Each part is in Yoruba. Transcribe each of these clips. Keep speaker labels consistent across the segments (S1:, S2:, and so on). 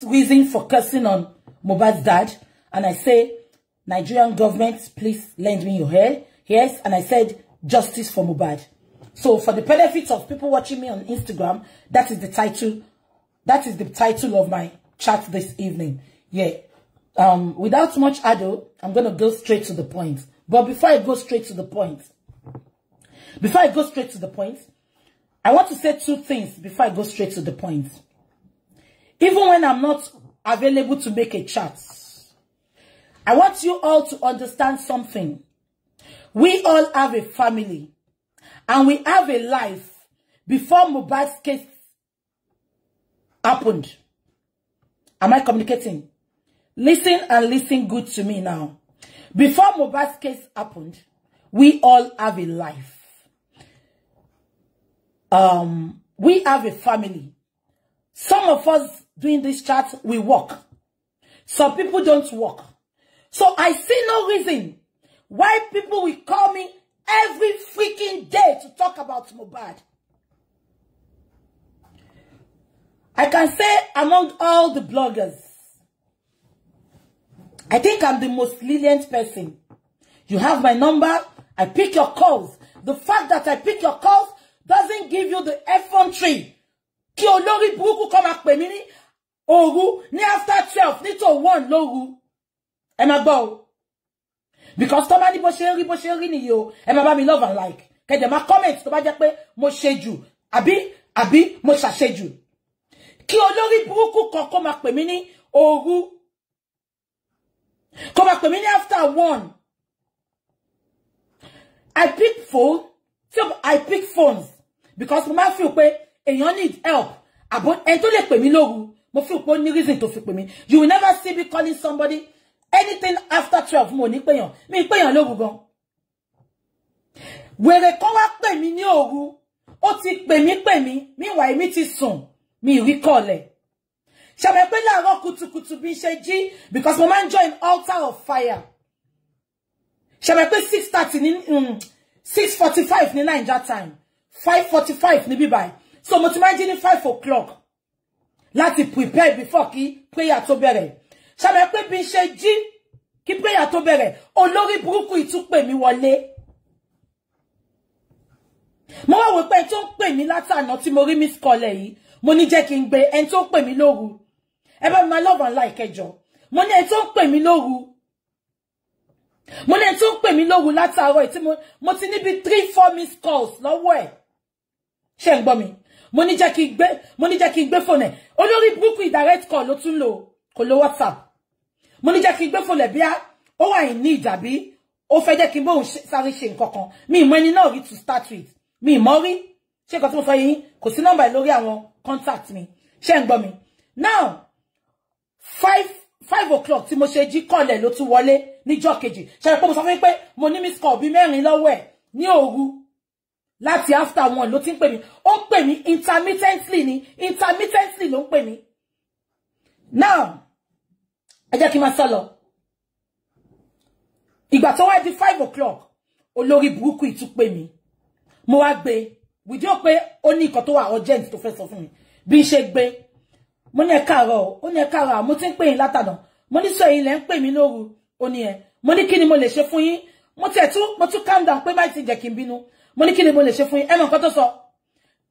S1: Squeezing, for cursing on Mubadzad, dad. And I say, Nigerian government, please lend me your hair. Yes, and I said, justice for Mubadzad. So for the benefit of people watching me on Instagram, that is the title. That is the title of my chat this evening. Yeah. Um, without much ado, I'm going to go straight to the point. But before I go straight to the point, before I go straight to the point, I want to say two things before I go straight to the point. Even when I'm not available to make a chat, I want you all to understand something. We all have a family and we have a life before Mubarak's case happened. Am I communicating? Listen and listen good to me now. Before Mubarak's case happened, we all have a life. Um, we have a family. Some of us doing this chat, we walk. Some people don't walk. So I see no reason why people will call me every freaking day to talk about Mubad. I can say among all the bloggers, I think I'm the most lenient person. You have my number, I pick your calls. The fact that I pick your calls doesn't give you the effrontery. Kí olórí burúkú come who? ní after twelve ní tó one logu. ẹ máa because tó bá ní bó ṣe ń rí bó ṣe máa bá mi love and like kẹ̀dẹ̀ ma comment tó bá mo ṣe àbí àbí mo ṣàṣe jù kí olórí burúkú koko kó máa pè mí ní òru kó máa pè after one I pick phone I pick phones because mo máa and pé need help àbò ẹni tó lè pè mí mo fi pé ó ní reason tó fi pè mí you will never see me calling somebody anything after twelve mo ní péyàn mi péyàn lóru gan wèrè kan wá pè mí ní òru ó ti pè mí pè mí meanwhile èmi ti sùn mi rí kọ̀ọ̀lẹ̀ ṣàbẹ̀ pé láàárọ̀ kùtùkùtù bí ṣe jí because mo man ń join altar of fire ṣàbẹ̀ pé six thirty ní um, six forty five ní naija time five forty five ní bíbáyìí so mo ti máa five o'clock láti prepare before kí prayer tó bẹ̀rẹ̀ ṣàmì pé bí n ṣe jí kí prayer tó bẹ̀rẹ̀ olórí burúkú ìtúpè mi wọlé mo wá wò pé ẹni tó ń pè mí látànà tí mori mi miss call ẹ̀ yìí mo ní jẹ́ mi loru e ba mi love and like ẹjọ mo ní ẹni tó mí lóru mo ní ẹni mí lóru lata tí mo ti níbi three four miss calls lọ́wọ́ ẹ̀ ṣé ń gbọ́ mo ní jẹ́ kí n gbé mo ní jẹ́ kí gbé olórí direct call ló tún lò kò lo whatsapp mo ní jẹ́ kí Oh, gbé need a bíá ó wà ní ìjàbí ó fẹ́ jẹ́ kí n bóun ṣe mi rí to start with mi ìmọ̀ rí ṣé nǹkan tí mo sọ yín kò sí nọ́mbà lórí àwọn contact me. ṣé ń mi now five five o'clock tí mo ṣe jí kọ́lẹ̀ ló tún wọlé níjọ́ kejì ṣe é mo sọ fún yín pé mo ní miss call mẹ́rin lọ́wọ́ ẹ̀ ní láti after one ló ti ń pè mí ó ń pè mí intermittently ni intermittently ló ń pè mí now ẹ jẹ́ kí n máa sọ lọ ìgbà tó wá di five o'clock olórí burúkú yìí tún pè mí mo wá gbé wìdíò pé ó ní nǹkan tó wà urgent tó fẹ́ sọ fún mi bí n ṣe gbé mo ní ẹ káàárọ̀ ó ní ẹ káàárọ̀ mo ti ń pè yín látànà mo ní sọ èyí lẹ́ ń pè mí lóru ó ní ẹ mo ní kí ni mo lè ṣe fún yín mo tiẹ̀ tún mo tún calm down pé báyìí ti jẹ́ kí n bínú mo ní kí ni mo lè ṣe fún ẹ mọ nǹkan tó sọ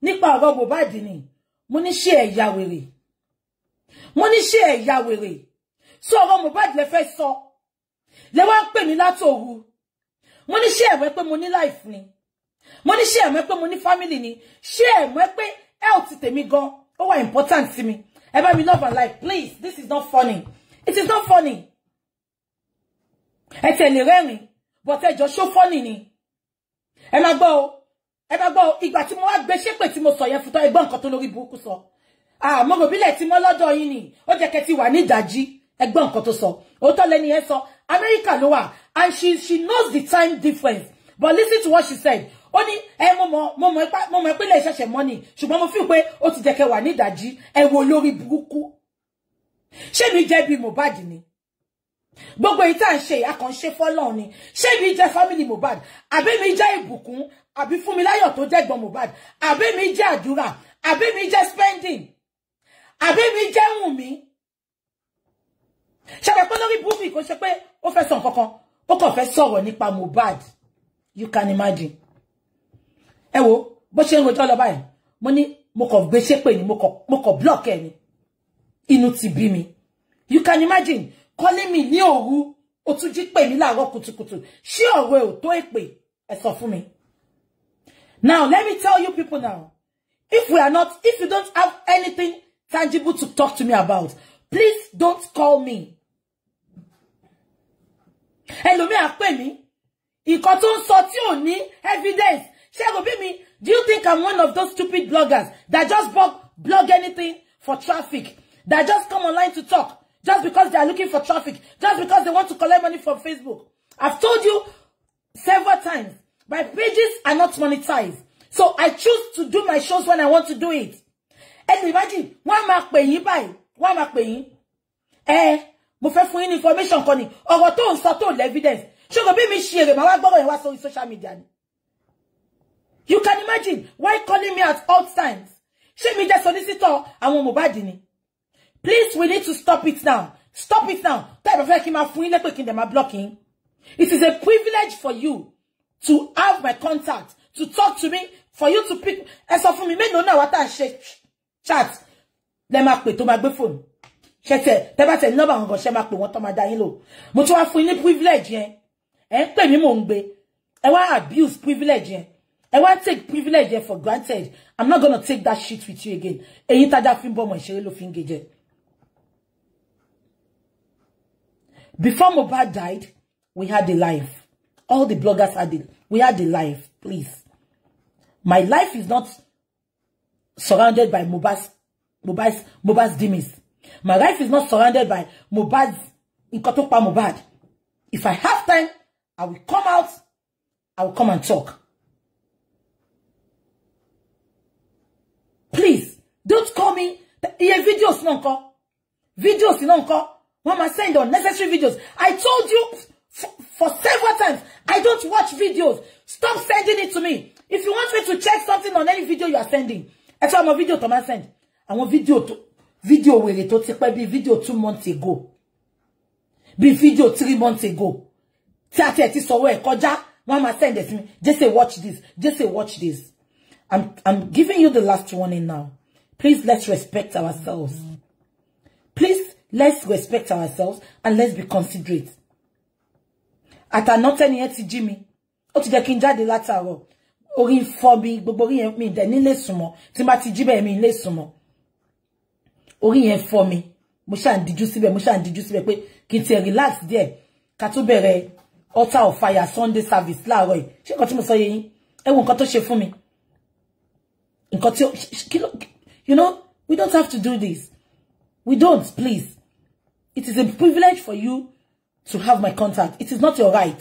S1: nípa ọ̀rọ̀ Mohbad ni mo ní ṣé ẹ̀yà wèrè mo ní ṣé ẹ̀yà wèrè sọ ọ̀rọ̀ Mohbad lẹ fẹ́ sọ lẹ wá ń pè mí látòru mo ní ṣé ẹ̀mọ́ pé mo ní life ni mo ní ṣé ẹ̀mọ́ pé mo ní family ni ṣé ẹ̀mọ́ pé health tèmi gan ó wà important to me? ẹ bá mi love and life please this is not funny it is not funny ẹ tẹ̀lé rẹ́rìn but ẹ just ṣó funny ni ẹ máa gbọ́ ẹ máa gbọ́ o ìgbà tí mo wá gbé ṣépè tí mo sọ yẹn fún tọ́ ẹ gbọ́ nǹkan tó lórí burúkú sọ àmọ́ ròbílẹ̀ tí mọ́ lọ́dọ̀ yín ni ó jẹ́ kẹ́ ti wà ní ìdájí ẹ gbọ́ nǹkan tó sọ òótọ́ lẹ́ni ẹ sọ Amẹ́ríkà ló wà and she she knows the time difference but listen to what she said ó ní ẹ mo mọ mo mọ ipá mo mọ ìpínlẹ̀ ìṣẹ̀ṣẹ̀ mọ́ ni ṣùgbọ́n mo fi pé ó ti jẹ́ kẹ́ wà ní ìdájí ẹ wo lórí burúkú ṣé mi jẹ́ bí Mohbad ni gbogbo èyí tá à ń ṣe àkànṣe fọ́lọ́run ni ṣé mi jẹ́ family Mohbad àbí mi jẹ́ ìbùkún àbí Fúnmiláyọ̀ tó jẹ́gbọ́n Mohbad àbí mi jẹ́ àdúrà àbí mi jẹ́ spending àbí mi jẹ́ Wùnmí ṣàpẹ pé lórí búfì kò ṣe pé ó fẹ́ sọ nǹkan ó kàn fẹ́ sọ̀rọ̀ nípa Mohbad you can imagine ẹ wo bó ṣe ń rojọ́ lọ báyìí mo ní mo kàn gbé ṣépè ni mo kàn block ẹ ni inú ti bí mi you can imagine calling me ní òru ó tún jí pè mí láàárọ̀ kùtùkùtù ṣé ọ̀rọ̀ ò tó èpè ẹ sọ fún mi now let me tell you people now if we are not if you don't have anything tangible to talk to me about please don't call me me pè mí nǹkan tó ń sọ tí ò ní evidence ṣé kò bí mi do you think I'm one of those stupid bloggers that just blog blog anything for traffic that just come online to talk just because they are looking for traffic, just because they want to collect money from Facebook. I've told you several times, my pages are not monetized. So I choose to do my shows when I want to do it. And imagine, Why máa pè yín báyìí, Why máa pè yín. Eh, mo fẹ́ fún information koni. ni, ọ̀rọ̀ tó ń evidence. Ṣé kò bí mi share èrè, màá wá gbọ́rọ̀ social media You can imagine why calling me at all times. She me just solicitor àwọn Mohbad ni? Please, we need to stop it now. Stop it now. blocking. It is a privilege for you to have my contact, to talk to me, for you to pick. Ẹ sọ fún mi, mélòó náà wá tá a ṣe chat. Let me put tó my gbé fóònù. Ṣé tẹ tẹ bá tẹ nọ́mbà àwọn ọ̀gọ̀ṣẹ́ máa pè wọ́n tó máa dá yín lò. Mo tún wá fún privilege yẹn. Ẹ tell me mí mò ń gbé. abuse privilege yẹn. I want take privilege yẹn for granted. I'm not gonna take that shit with you again. Èyí tájà fi ń bọ́ ọmọ ìṣeré ló fi ń Before Mobad died, we had a life. All the bloggers had it. We had a life, please. My life is not surrounded by Mobad's, Mobad's, Mobad's demise. My life is not surrounded by Mobad's, Inkotopa Mobad. If I have time, I will come out. I will come and talk. Please, don't call me. Iye videos náà call. Videos náà call. One must send unnecessary videos. I told you for several times, I don't watch videos. Stop sending it to me. If you want me to check something on any video you are sending, I'm a video tó my send. a video tó video where it ti pẹ́ be video two months ago. be video three months ago. Tí a tiẹ̀ ti a wọ́n send it to me. Just say watch this. Just say watch this. I'm I'm giving you the last warning now. Please let's respect ourselves. Please Let's respect ourselves and let's be considerate. Àtàná tẹ́ni yẹn ti Jimmy. mi. Ó ti jẹ́ Orí ń fọ́ orí yẹn mi dẹ̀ nílé sùnmọ́. Tí n bá ti jí bẹ́ẹ̀ mi nílé sùnmọ́. Orí yẹn fọ́ mi. Mo ṣáà ń dijú síbẹ̀, mo ṣáà ń dijú síbẹ̀ pé kí n tiẹ̀ relax there. Katubere. tó altar of fire Sunday service láàárọ̀ yìí. Ṣé nǹkan tí mo sọ yẹ yín? Ẹ wo nǹkan tó ṣe fún mi. you know, we don't have to do this. We don't, please. It is a privilege for you to have my contact. It is not your right.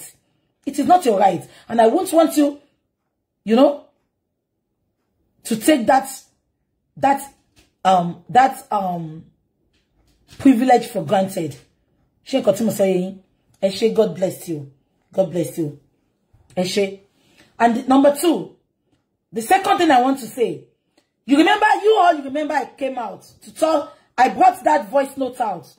S1: It is not your right. And I won't want you, you know, to take that, that, um, that, um, privilege for granted. She continue saying, Eshe, God bless you. God bless you. Eshe. And number two, the second thing I want to say, you remember, you all, you remember I came out to talk, I brought that voice note out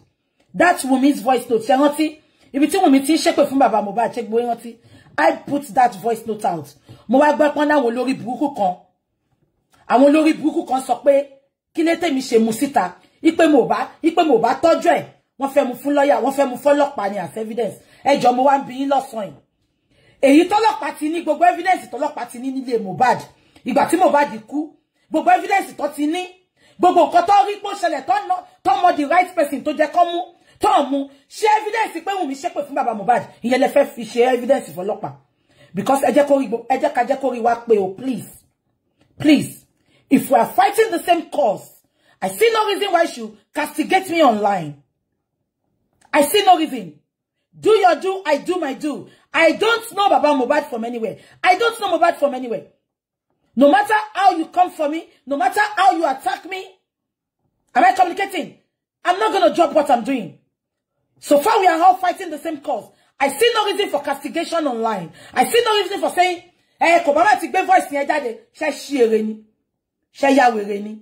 S1: that woman's voice note ṣe rántí ibi tí Wunmi ti bàbá Mohbad ṣe gbóyè I put that voice note out mo wá gbẹ́ pọ́n láwọn olórí burúkú kan àwọn olórí burúkú kan sọ pé kí lè tèmi ṣe mu síta ipe moba. bá ipe mo bá tọ́jú ẹ̀ wọ́n fẹ́ mu fún lọ́ọ̀yà wọ́n fẹ́ as evidence ẹjọ́ mo wá ń bi yín lọ́sàn-án yìí èyí tọ́lọ́pàá ti evidence tọ́lọ́pàá ti ní nílé Mohbad ìgbà mobad Mohbad kú gbogbo evidence tó ti ní gbogbo nǹkan tó rí pé ó ṣẹlẹ̀ ton mọ the right person tó jẹ́ kó Tom, mú evidence pé we ṣépè with bàbá Mohbad he lẹ fẹ́ fi ṣe evidence for fọlọ́pàá because ẹ jẹ́ kó rí ẹ jẹ́ please please if we are fighting the same cause I see no reason why you should castigate me online. I see no reason. Do your do, I do my do. I don't know Baba Mohbad from anywhere. I don't know Mohbad from anywhere. No matter how you come for me, no matter how you attack me, am I communicating? I'm not going to drop what I'm doing. So far, we are all fighting the same cause. I see no reason for castigation online. I see no reason for saying, eh, kò bá ti gbé voice yẹn jáde, she ṣìrè ni, she ya wèrè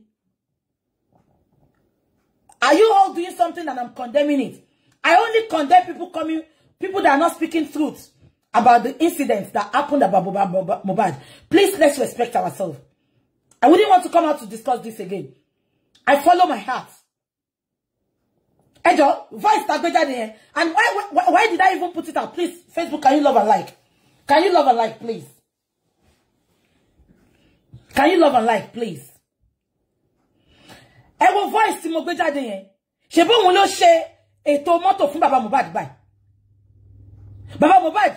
S1: Are you all doing something and I'm condemning it? I only condemn people coming, people that are not speaking truth about the incidents that happened about Mohbad. Please, let's respect ourselves. I wouldn't want to come out to discuss this again. I follow my heart ẹjọ voice ta gbé jáde yẹn and why, why why did I even put it out please Facebook can you love and like can you love and like please can you love and like please Ewo wo voice tí mo gbé jáde yẹn ṣe bóun ló ṣe ètò mọ́tò fún bàbá Mohbad báyìí bàbá Mohbad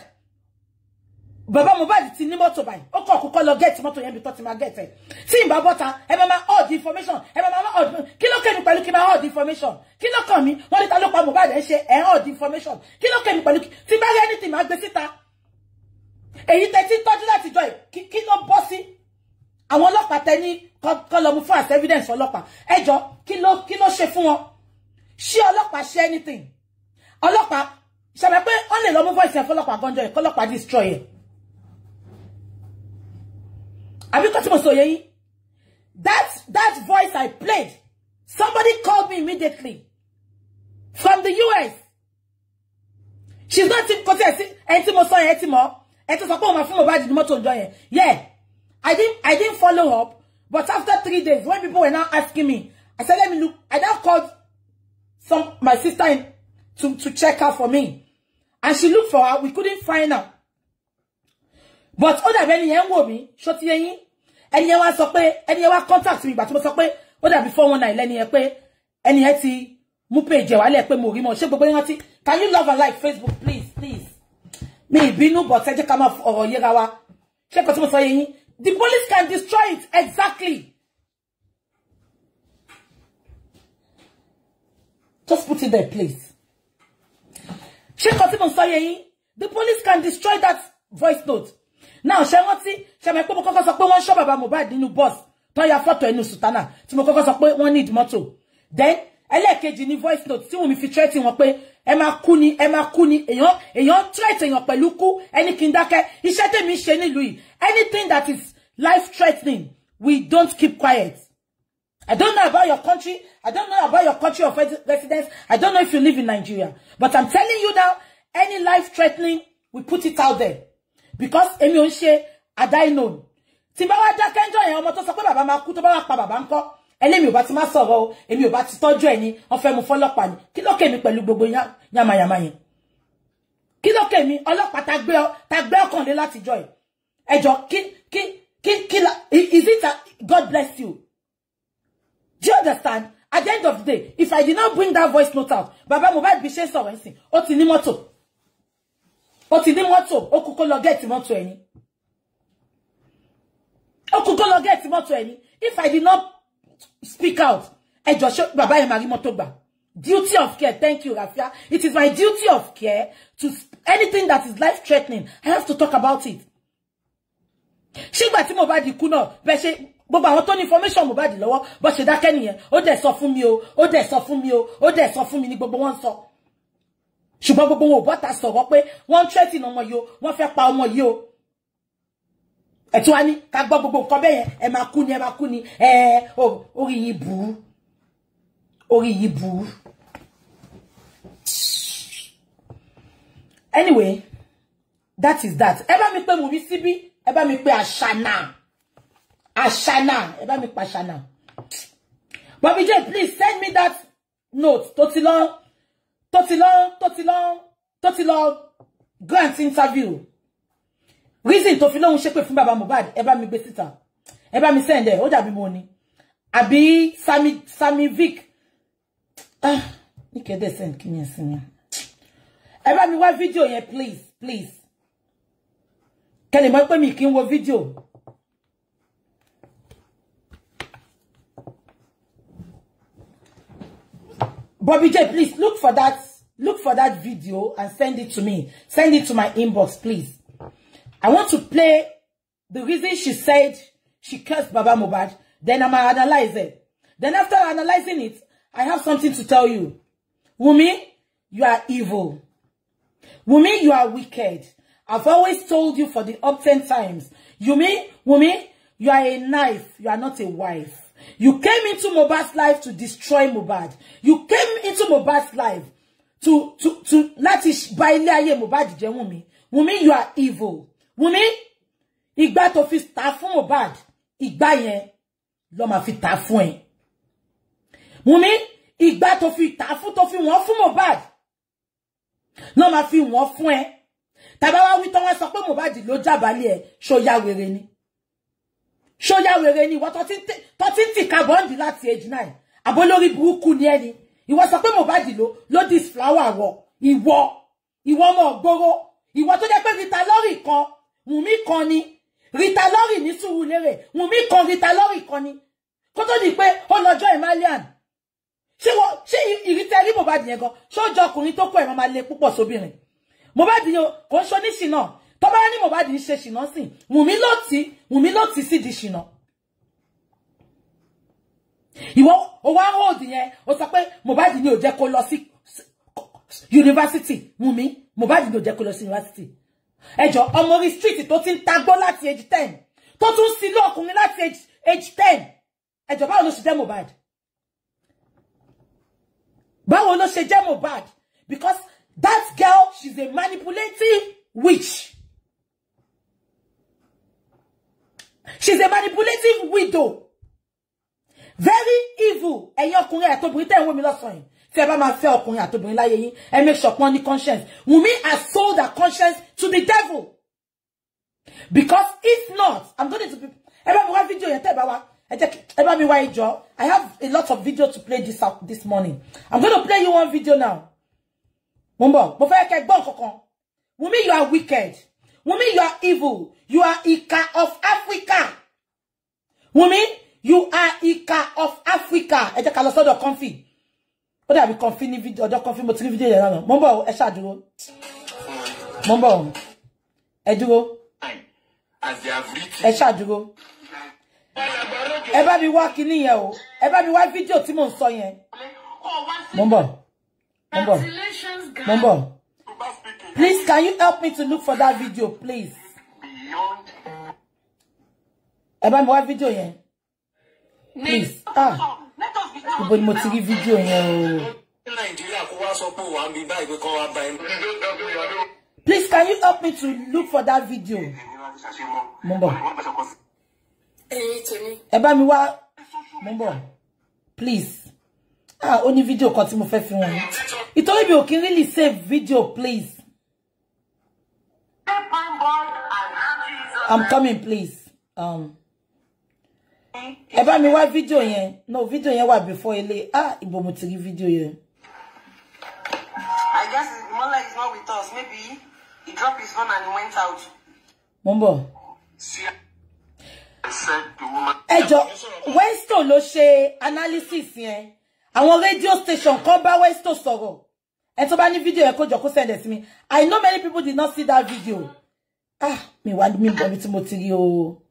S1: bàbá Mohbad ti ní mọ́tò báyìí ó kọ̀ kọ́kọ́ lọ gẹ́ẹ̀tì mọ́tò yẹn bí tọ́ ti máa gẹ́ẹ̀tì ẹ̀ tí ìbá bọ́ta ẹ all the information ẹ bá máa all the kí ló pẹ̀lú kí all the information kí kàn mí wọ́n ta ló pa Mohbad ẹ̀ ṣe ẹ̀ all the information kí ló kẹ́mi pẹ̀lú tí bá rẹ́ ní tì gbé síta èyí tẹ tí tọ́jú láti jọ kí ló bọ́ àwọn ọlọ́pàá tẹ ní kọ́ lọ mú fún as evidence ọlọ́pàá ẹ jọ kí ló ṣe fún wọn ṣé ṣe anything ọlọ́pàá ṣàbẹ̀ pé wọ́n lọ mú voice ẹ̀ fọlọ́pàá ẹ̀ destroy ẹ̀ have you mo sọ yẹ that that voice I played somebody called me immediately from the US she's not in contact. ẹtí ẹtí mo sọ yeah I didn't I didn't follow up but after three days when people were now asking me I said let me look I now called some my sister in, to to check her for me and she looked for her we couldn't find her but other than ẹni yẹn ń wò ẹni yẹn wá sọ pé ẹni wá contact mi ìgbà tí mo sọ pé ó dàbí four one nine lẹ́ni yẹn pé ẹni yẹn ti mú page ẹ̀ wálẹ̀ pé mo rí mọ́ ṣé gbogbo yẹn rántí can you love and like Facebook please please mi ìbínú bọ̀ tẹ́jẹ́ ká máa ọ̀rọ̀ yẹra wa ṣé kò tí mo sọ yín the police can destroy it exactly just put it there please ṣé kò tí mo sọ yín the police can destroy that voice note now ṣé wọ́n ti ṣé mọ̀ pé mo kọ́kọ́ sọ pé wọ́n ṣọ́ bàbá Mohbad nínú bus tó ya fọ́tò ẹnu sùtánà tí mo kọ́kọ́ sọ pé wọ́n need mọ́tò then ẹlẹ́ẹ̀kejì ni voice note See, wọ́n mi fi threaten wọn pé ẹ máa kú ni ẹ máa kú ni èèyàn your peluku. èèyàn pẹ̀lú kú ẹni kí n dákẹ́ anything that is life threatening we don't keep quiet I don't know about your country. I don't know about your country of residence. I don't know if you live in Nigeria. But I'm telling you now, any life threatening, we put it out there because èmi ò ń ṣe àdáìnòm tí bá wá dákẹ́ ń jọ yẹn ọmọ tó sọ pé bàbá máa kú tó bá wá pa bàbá ńkọ́ ẹlẹ́mi ò bá ti má sọ̀rọ̀ o èmi ò bá ti tọ́jú ẹ̀ ni wọ́n fẹ́ mu fọ́lọ́pàá ni kí ló kèmi pẹ̀lú gbogbo yamayama yẹn kí ló kèmi ọlọ́pàá ta gbé ta gbé ọkàn lé láti jọ ẹjọ́ kí kí kí kí la is it a God bless you do you understand at the end of the day if I did not bring that voice note out bàbá Mohbad bí ṣe sọ̀rọ̀ ẹ̀sìn ó ti ní mọ́tò ó ti ní mọ́tò ó kúkú lọ gẹ́ẹ̀tì mọ́tò ẹni ó kúkú get him to any. if i did not speak out I just showed bàbá yẹn máa duty of care thank you Rafia it is my duty of care to anything that is life threatening i have to talk about it ṣígbà tí mo bá di kuno, náà bẹ́ẹ̀ ṣe gbogbo àwọn tó ní information Mohbad lọ́wọ́ bó ṣe dákẹ́ nìyẹn ó dẹ̀ sọ fún mi o sọ fún mi o sọ fún ni gbogbo sọ ṣùgbọ́n gbogbo wọn ò bọ́ta sọ̀rọ̀ pé wọ́n ń tẹ́tì ọmọ yìí o wọ́n fẹ́ pa omo yìí o ẹ̀ tí wàá ní ká gbọ́ gbogbo nǹkan bẹ́ẹ̀ yẹn ẹ máa kú ni ẹ máa kú ni ẹ orí yìí bù yii yìí anyway that is that ẹ bá mi pé Wùmí síbí ẹ bá mi pé àṣànà àṣànà ẹ bá mi pa àṣànà Bobby J please send me that note tó ti lọ tó ti lọ tó ti lọ grant interview reason tó fi lóhun ṣépè fún bàbá Mohbad ẹ bá mi gbé síta ẹ bá mi send ẹ ó dàbí àbí sami sami vic ah ní kẹ́dẹ̀ send kí ni ẹ̀sìn yẹn ẹ e mi wá fídíò yẹn please please kẹ́lẹ̀ mọ́ pé mi kí n wo fídíò Bobby J, please look for that. Look for that video and send it to me. Send it to my inbox, please. I want to play the reason she said she cursed Baba Mubad. Then I'm going to analyze it. Then after analyzing it, I have something to tell you. Wumi, you are evil. Wumi, you are wicked. I've always told you for the up ten times. You mean, Wumi, you are a knife. You are not a wife. You came into Mohbad's life to destroy Mohbad. You came into Mohbad's life to to to let bà ilé ayé Mohbad jẹ́ Wunmi. Wunmi, you are evil. Wunmi, igba tó fi ta fún Mohbad, ìgbà yẹn ló máa fi ta fún ẹ. Wunmi, ìgbà tó fi ta fún tó fi wọ́n fún Mohbad. Ló máa fi wọ́n fún ẹ. Tá bá wa wí tán wá sọ pé Mohbad ló jàbálẹ̀ ẹ, ṣó ya wèrè ni. ṣóyá wèrè ni ìwọ tọ́tí tì carbon bọ́ǹdì láti age nine àbó lórí burúkú ni ẹni ìwọ sọ pé Mohbad ló ló this flower wọ ìwọ ìwọ ọmọ ògbóró ìwọ tó jẹ́ pé Rita Lori kan Wùnmí kan ni Rita Lori ní Sùúrùlérè Wùnmí kan Rita Lori kan ni kó tó di pé ó lọ́jọ́ emalian ṣé wọ́n ṣé ìrítẹ́ rí Mohbad yẹn gan ṣó jọ ọkùnrin tó kọ ẹ̀ máa le púpọ̀ sóbìnrin Mohbad yo kò ń ṣoníṣìí náà tó bá ní Mohbad ń ṣe ṣìnà sí Wùnmí ló ti Wùnmí ló ti sídìí ṣìnà ìwọ o wá hold yẹn o sọ pé Mohbad ni ò jẹ́ kó lọ sí yunifásitì Wùnmí Mohbad ni ò jẹ́ kó lọ sí yunifásitì ẹjọ ọmọ orí street tó ti ń tagbó láti age ten tó tún sí ilé ọkùnrin láti age ten ẹjọ báwo ló ṣe jẹ́ Mohbad báwo ló ṣe jẹ́ Mohbad because that girl she's a manipulative witch. She's a manipulative widow. Very evil. And you're going to wò mí lọ́sàn yìí. Tẹ́ bá máa fẹ́ ọkùnrin àtobìnrin láyé yín, make sure pọ́n ní conscience. Women have sold their conscience to the devil. Because if not, I'm going to be. Ẹ I have a lot of video to play this out this morning. I'm going to play you one video now. Women, you are wicked. Woman, you are evil. You are Ika of Africa. Woman, you are Ika of Africa. Ẹ jẹ́ ká lọ sọ́dọ̀ Comfy. Ó dàbí Comfy ní fídíò ọjọ́ Comfy mo ti rí fídíò yẹn lánàá. Mo ń bọ̀ ẹ ṣáà dúró. Mo ń bọ̀ ẹ dúró. Ẹ ṣáà dúró. Ẹ bá mi wá kinní yẹn o. Ẹ bá mi wá fídíò tí mò ń sọ yẹn. Mo ń bọ̀. Mo ń bọ̀. Mo n Please, can you help me to look for that video, please? Ẹ bá mi wá video yẹn. Please. Ah. Ibo ni mo ti video
S2: yẹn
S1: Please, can you help me to look for that video? Mo ń bọ̀. Ẹ bá Please. Ah, ó video kan tí mo fẹ́ fi wọn. Ìtorí mi really save video, please. I'm coming, please. Um. Ẹ bá mi wá fídíò yẹn. No, video yẹn wà before ilé. Ah, ibo mo ti rí fídíò yẹn.
S3: I guess Mola is not with us. Maybe he dropped his phone and he went out.
S1: Mumbo. ń bọ̀. Ẹjọ́ Weston ló ṣe analysis yẹn. Àwọn radio station kan bá Weston sọ̀rọ̀. Ẹ tó bá ní video yẹn kó jọ kó send it to me. I know many people did not see that video ah mi wá mi gbọ́ bí tí mo ti rí o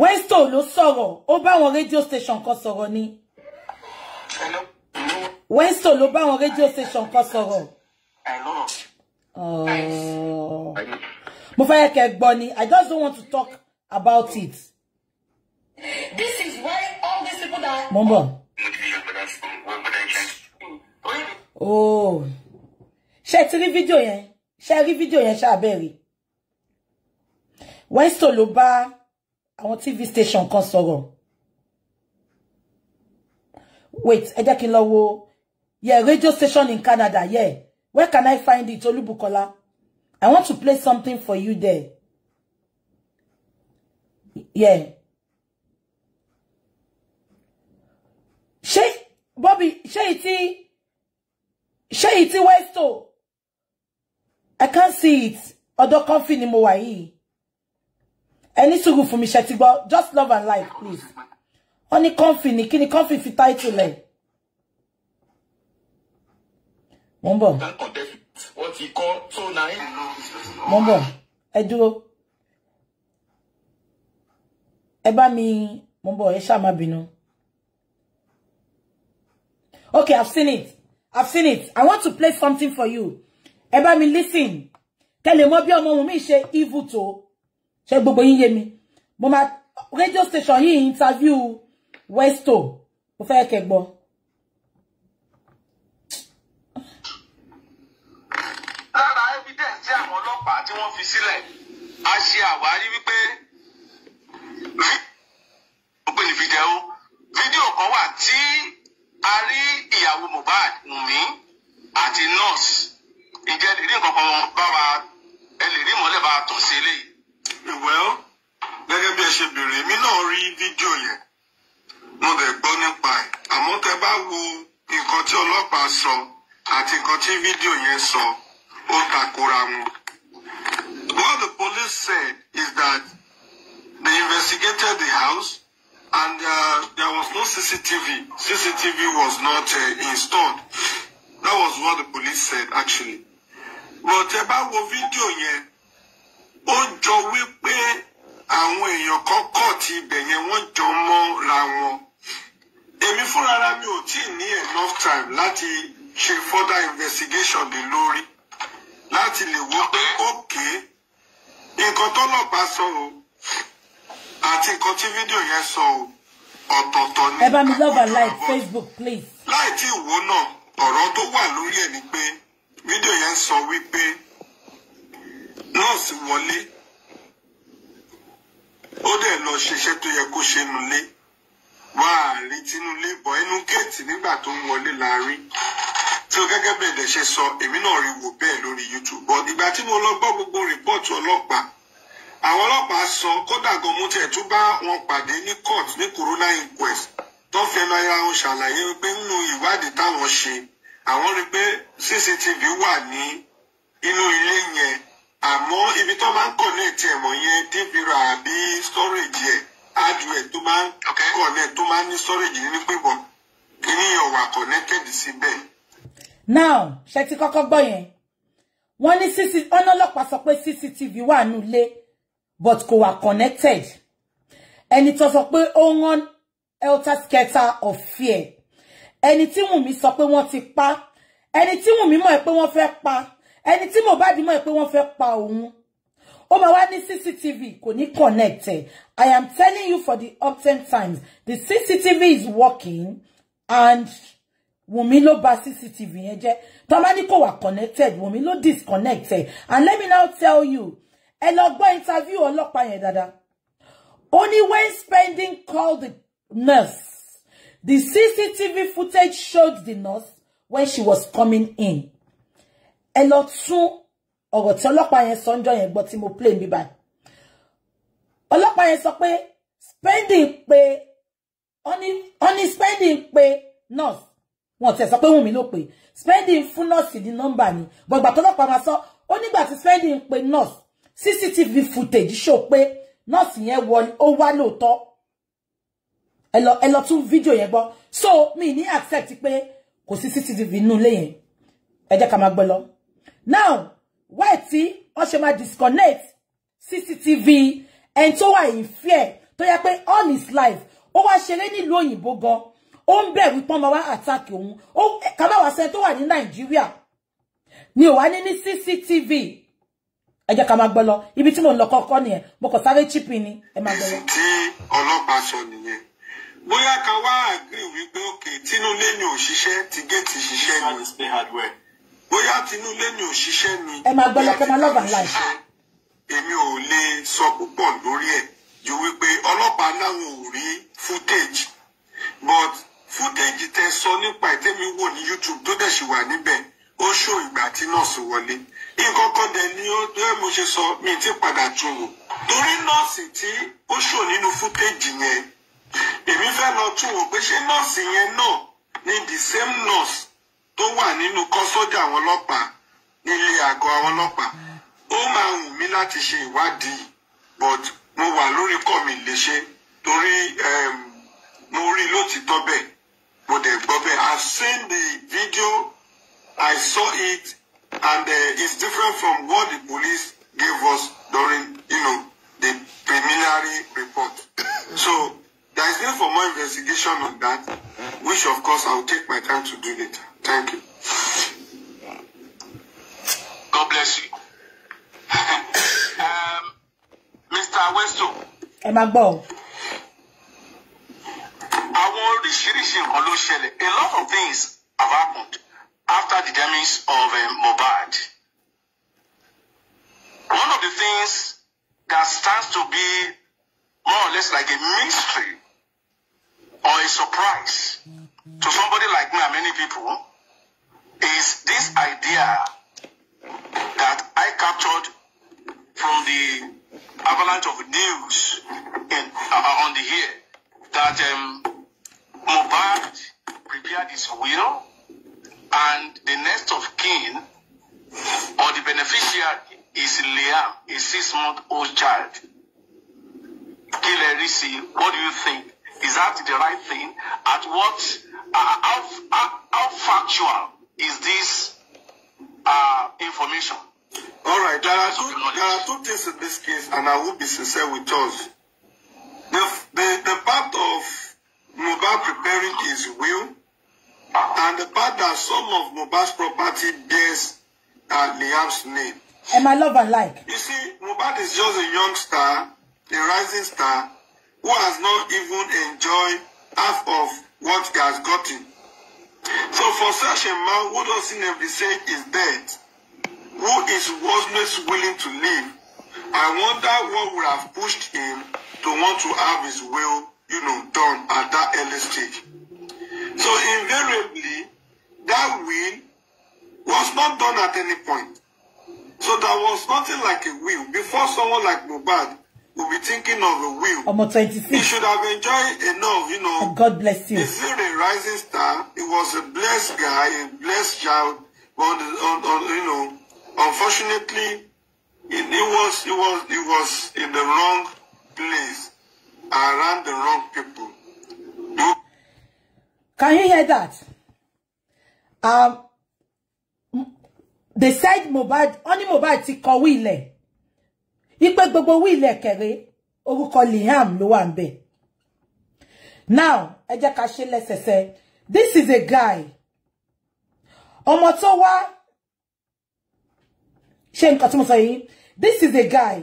S1: Westo ló sọ̀rọ̀ ó bá wọn radio station kan sọ̀rọ̀ ni Westo ló bá wọn radio station kan sọ̀rọ̀ oh. mo fẹ́ kẹ́ gbọ́ ni I just don't want to talk about it.
S2: This is why all these people that. Mo ń bọ̀.
S1: Oh. Ṣé ti rí fídíò yẹn? Ṣé rí video yẹn ṣáà bẹ́ẹ̀ rí? Winston ló bá àwọn TV station kan sọ̀rọ̀ wait ẹ jẹ́ kí n yeah radio station in Canada yeah where can I find it Olúbùkọ́lá I want to play something for you there yeah ṣé Bobby ṣé ìtí ṣé Where's to? I can't see it I don't come from wà any sugu for me? ṣe just love and life please Only comfy, kọ́ńfì fi táìtì lẹ̀. mo ń bọ̀.
S4: mo ń
S1: Mumbo. ẹ dúró ẹ mi mo má okay I've seen it I've seen it I want to play something for you Eba mi listen tẹlẹ mọ bí ọmọ mi evil tó. ṣé gbogbo yín yé mi mo máa radio station yìí interview westo mo fẹ́ kẹ́ gbọ́.
S4: lára evidence tí àwọn ọlọ́pàá tí wọ́n fi sílẹ̀ a ṣe àwárí wípé ó pè ní fídíò fídíò kan wà tí a rí ìyàwó Mohbad Wùmí
S5: àti nurse ǹjẹ́ lè rí nǹkan kan bá wa ẹ lè rí ìmọ̀lẹ́ bá a tàn sí eléyìí well gẹ́gẹ́ bí ẹ ṣe béèrè èmi náà rí fídíò yẹn mo dẹ̀ gbọ́ nípa ẹ̀ àmọ́ tẹ bá wo nǹkan tí ọlọ́pàá sọ àti nǹkan tí fídíò yẹn sọ ó takora wọn. What the police said is that they investigated the house and uh, there was no CCTV. CCTV was not uh, installed. That was what the police said actually. But about bá video fídíò yẹn ó jọ wípé àwọn èèyàn kan kọ̀ ti ibẹ̀ yẹn wọ́n jọ mọ́ra wọn èmi fúnra mi ò tí ní enough time láti ṣe further investigation lè lórí láti lè wò pé okay nǹkan tọ́lọ́pàá sọ o àti nǹkan tí fídíò yẹn sọ o ọ̀tọ̀ọ̀tọ̀ ni. ẹ
S1: love and like Facebook please.
S5: láì tí ìwọ náà ọ̀rọ̀ tó wà lórí ẹ̀ ni pé fídíò yẹn sọ wípé nọ́ọ̀sì wọlé ó dẹ̀ lọ ṣiṣẹ́ tó yẹ kó ṣe nulẹ̀ wá àárín tínúlé bọ̀ inú géètì nígbà tó ń wọlé láàrin tí o gẹ́gẹ́ bẹ́ẹ̀ dẹ̀ sọ èmi náà rí wò bẹ́ẹ̀ lórí YouTube bọ́ ìgbà tí mo lọ gbọ́ gbogbo rìpọ́ọ̀tù ọlọ́pàá àwọn ọlọ́pàá sọ kódà gan mo tún bá wọn pàdé ní court ní corona inquest tó fi ẹnu ara wọn ṣàlàyé pé nínú ìwádìí táwọn ṣe àwọn rí pé CCTV wà ní inú ilé yẹn àmọ́ ibi tó máa ń connect ẹ̀mọ̀ yẹn dvr àbí storage yẹn hardware tó máa ń connect
S1: tó máa ń ní storage ní pípọ̀ kíní yẹn wà connected síbẹ̀. now ṣe ti kọ́kọ́ gbọ́ yẹn wọ́n ní cc ọ̀nà ọlọ́pàá sọ pé cctv wà nílé but kò wà connected ẹni tó sọ pé ó ń hàn elter skelter of fear ẹni tí Wùnmí sọ pé wọ́n ti pa ẹni tí Wùnmí mọ̀ pé wọ́n fẹ́ pa. ẹni tí Mohbad mọ̀ pé wọ́n fẹ́ pa òun ó máa wá ní CCTV kò ní connected. I am telling you for the often times the CCTV is working and Wunmi ló bà CCTV yẹn jẹ́ tó máa ní kò wà connected Wunmi ló disconnected and let me now tell you ẹ lọ gbọ́ interview ọlọ́pàá yẹn dáadáa ó ní when spending called the nurse the CCTV footage showed the nurse when she was coming in ẹ lọ tún ọ̀rọ̀ tí ọlọ́pàá yẹn sọ ńjọ́ yẹn gbọ́ tí mo play mi báyìí ọlọ́pàá yẹn sọ pé spending oni honey spending pé nurse wọn ti ẹ̀ sọ pé Wùnmí ló pé spending fún nurse di nọ́mbà ni bọ̀gbà tọ́lọ́pàá máa sọ oni nígbà tí spending pé nurse cctv footage show pé nurse yẹn ó wá lóòótọ́ ẹ lọ ẹ lọ tún fídíò yẹn gbọ́ so mi ni accept pé kò cctv nínú ilé yẹn ẹ jẹ́ ká máa gbé lọ now why tí wọ́n ṣe disconnect cctv and tó wà in fear tó yẹ pé all his life ó wá ṣeré nílùú òyìnbó gan ó ń bẹ̀ wípé wọ́n máa attack òun O kábàwá sẹ́ni wa wà ní nàìjíríà ni ò wá ní ní cctv ẹ jẹ́ ká máa gbọ́ lọ ibi tí mo ń lọ kọ́kọ́ nìyẹn mo kàn sáré chipping ni ẹ máa gbọ́ lọ.
S5: tí ọlọ́pàá sọ nìyẹn bóyá ká wá àgbè wípé òkè tínú lẹ́yìn òṣìṣẹ́ ti géètì ṣiṣẹ́ ni bóyá tinúlé ni òṣìṣẹ́ ni
S1: ẹ máa gbọ́ lọ́kẹ́ máa lọ́bàá láì.
S5: èmi ò lè sọ púpọ̀ lórí ẹ̀ ju wípé ọlọ́pàá láwọn ò rí footage but footage tẹ sọ nípa ìtẹ́mi wò ní YouTube tó dẹ̀ sì wà níbẹ̀ ó ṣó ìgbà tí nọ́ọ̀sì wọlé nǹkan kan dẹ̀ ni ó dé mo ṣe sọ mi ti padà tún wò torí nọ́ọ̀sì tí ó ṣó nínú footage yẹn èmi fẹ́ lọ tún wò pé ṣé nọ́ọ̀sì yẹn náà ni the same nurse tó wà nínú kọ́sọ́dà àwọn ọlọ́pàá nílé àgọ́ àwọn ọlọ́pàá ó máa wù mí láti ṣe ìwádìí but mo wà lórí kọ́ mi lè ṣe torí ehm, mo rí lótìtọ́ bẹ́ẹ̀ mo dẹ̀ gbọ́ bẹ́ẹ̀ I seen the video I saw it and uh, it's different from what the police gave us during you know, the preliminary report so there is need for more investigation on that which of course I will take my time to do later. Thank you. God bless you. um, Mr. Westo.
S1: Ẹ máa gbọ́ o. Àwọn oríṣiríṣi
S5: A lot of things have happened after the demise of um, Mohbad. One of the things that stands to be more or less like a mystery or a surprise to somebody like me and many people is this idea that I captured from the avalanche of news in, uh, on the air that um, Mubarak prepared his will and the next of kin or the beneficiary is Liam, a six-month-old child. Kilerisi, what do you think? Is that the right thing? At what? Uh, how, how, how factual is this uh, information. All right, there are, two, there are two things in this case, and I will be sincere with us. The, the, the part of Mubad preparing his will, and the part that some of Mubad's property bears uh, Liam's name. And I love and like. You see, Mubad is just a young star, a rising star, who has not even enjoyed half of what he has gotten. So for such a man who doesn't have the same is dead, who is always willing to live, I wonder what would have pushed him to want to have his will, you know, done at that early stage. So invariably, that will was not done at any point. So there was nothing like a will. Before someone like Mubad will be thinking of a will. Ọmọ 26. He should have enjoyed enough, you know. And God bless you. He's still a rising star. He was a blessed guy, a blessed child. But on, uh, on, you know, unfortunately, he, he was he was he was in the wrong place, around the wrong people.
S1: Can you hear that? Um, the side mobile, only mobile, Mohbad ti kọ̀wé ipe gbogbo wíìlì ẹ̀kẹ̀rẹ́ orúkọ Liam ló wà ń bẹ̀ now ẹ jẹ́ ká ṣe lẹ́sẹsẹ this is a guy ọmọ tó wá ṣe nǹkan tí mo sọ yìí this is a guy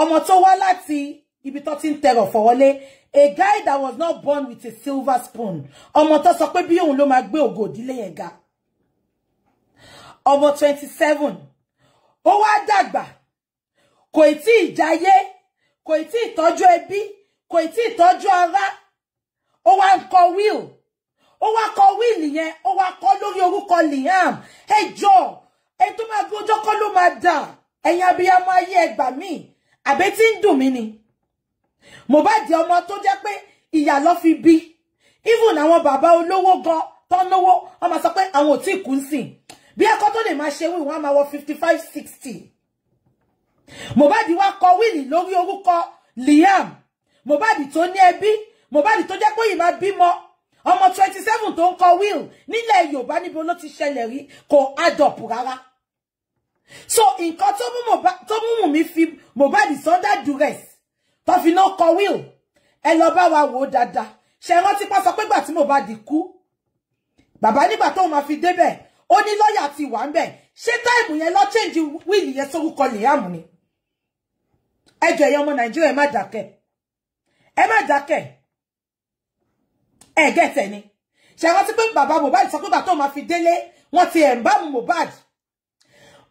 S1: ọmọ tó wá láti ibi tó ti ń tẹrọ fọwọlé a guy that was not born with a silver spoon ọmọ tó sọ pé bí òun ló máa gbé ògo ìdílé yẹn ga ọmọ twenty seven ó wá dàgbà kò ì tí ì jayé kò ì tí ì tọ́jú ẹbí kò ì tí ì tọ́jú ará ó wá ń kọ will ó wá kọ will yẹn ó wá kọ lórí orúkọ Liam ẹ jọ̀ọ́ ẹ tó máa gbé ọjọ́ kọ́ ló máa dà ẹ̀yin abiyamọ ayé ẹgbà míì àbẹ́ tí ń dùn mí ni Mohbad ọmọ tó jẹ́ pé ìyá ló fi bí even àwọn bàbá olówó gan tó wọ́n máa sọ pé àwọn ò tí kú sìn bí ẹ̀kọ́ tó lè máa ṣe wí á máa wọ fifty five sixty Mohbad wá kọ wíìlì lórí orúkọ Liam Mohbad tó ní ẹbí Mohbad tó jẹ́ pé yìí máa bímọ ọmọ twenty seven tó ń kọ will Ni Yorùbá níbo ló ti ṣẹlẹ̀ rí kò adọ̀pù rárá so nǹkan tó mo tó mú mú mi fi Mohbad under duress tó fi náà kọ will ẹ lọ bá wa wò ó dáadáa ṣe rántí pa sọ pé gbà tí Mohbad kú bàbá nígbà tóun máa fi débẹ̀ ó ní ti wà ń bẹ̀ ṣé táìmù yẹn change will yẹn ko Liam ni ẹ jọ̀ọ́ ẹ̀yin ọmọ nàìjíríà ẹ má dákẹ́ ẹ má dákẹ́ ẹ gẹ̀tẹ̀ ni ṣe rántí pé bàbá Mohbad sọ pé bàtọ́ máa fi délé wọ́n ti ẹ̀ ń bá Mohbad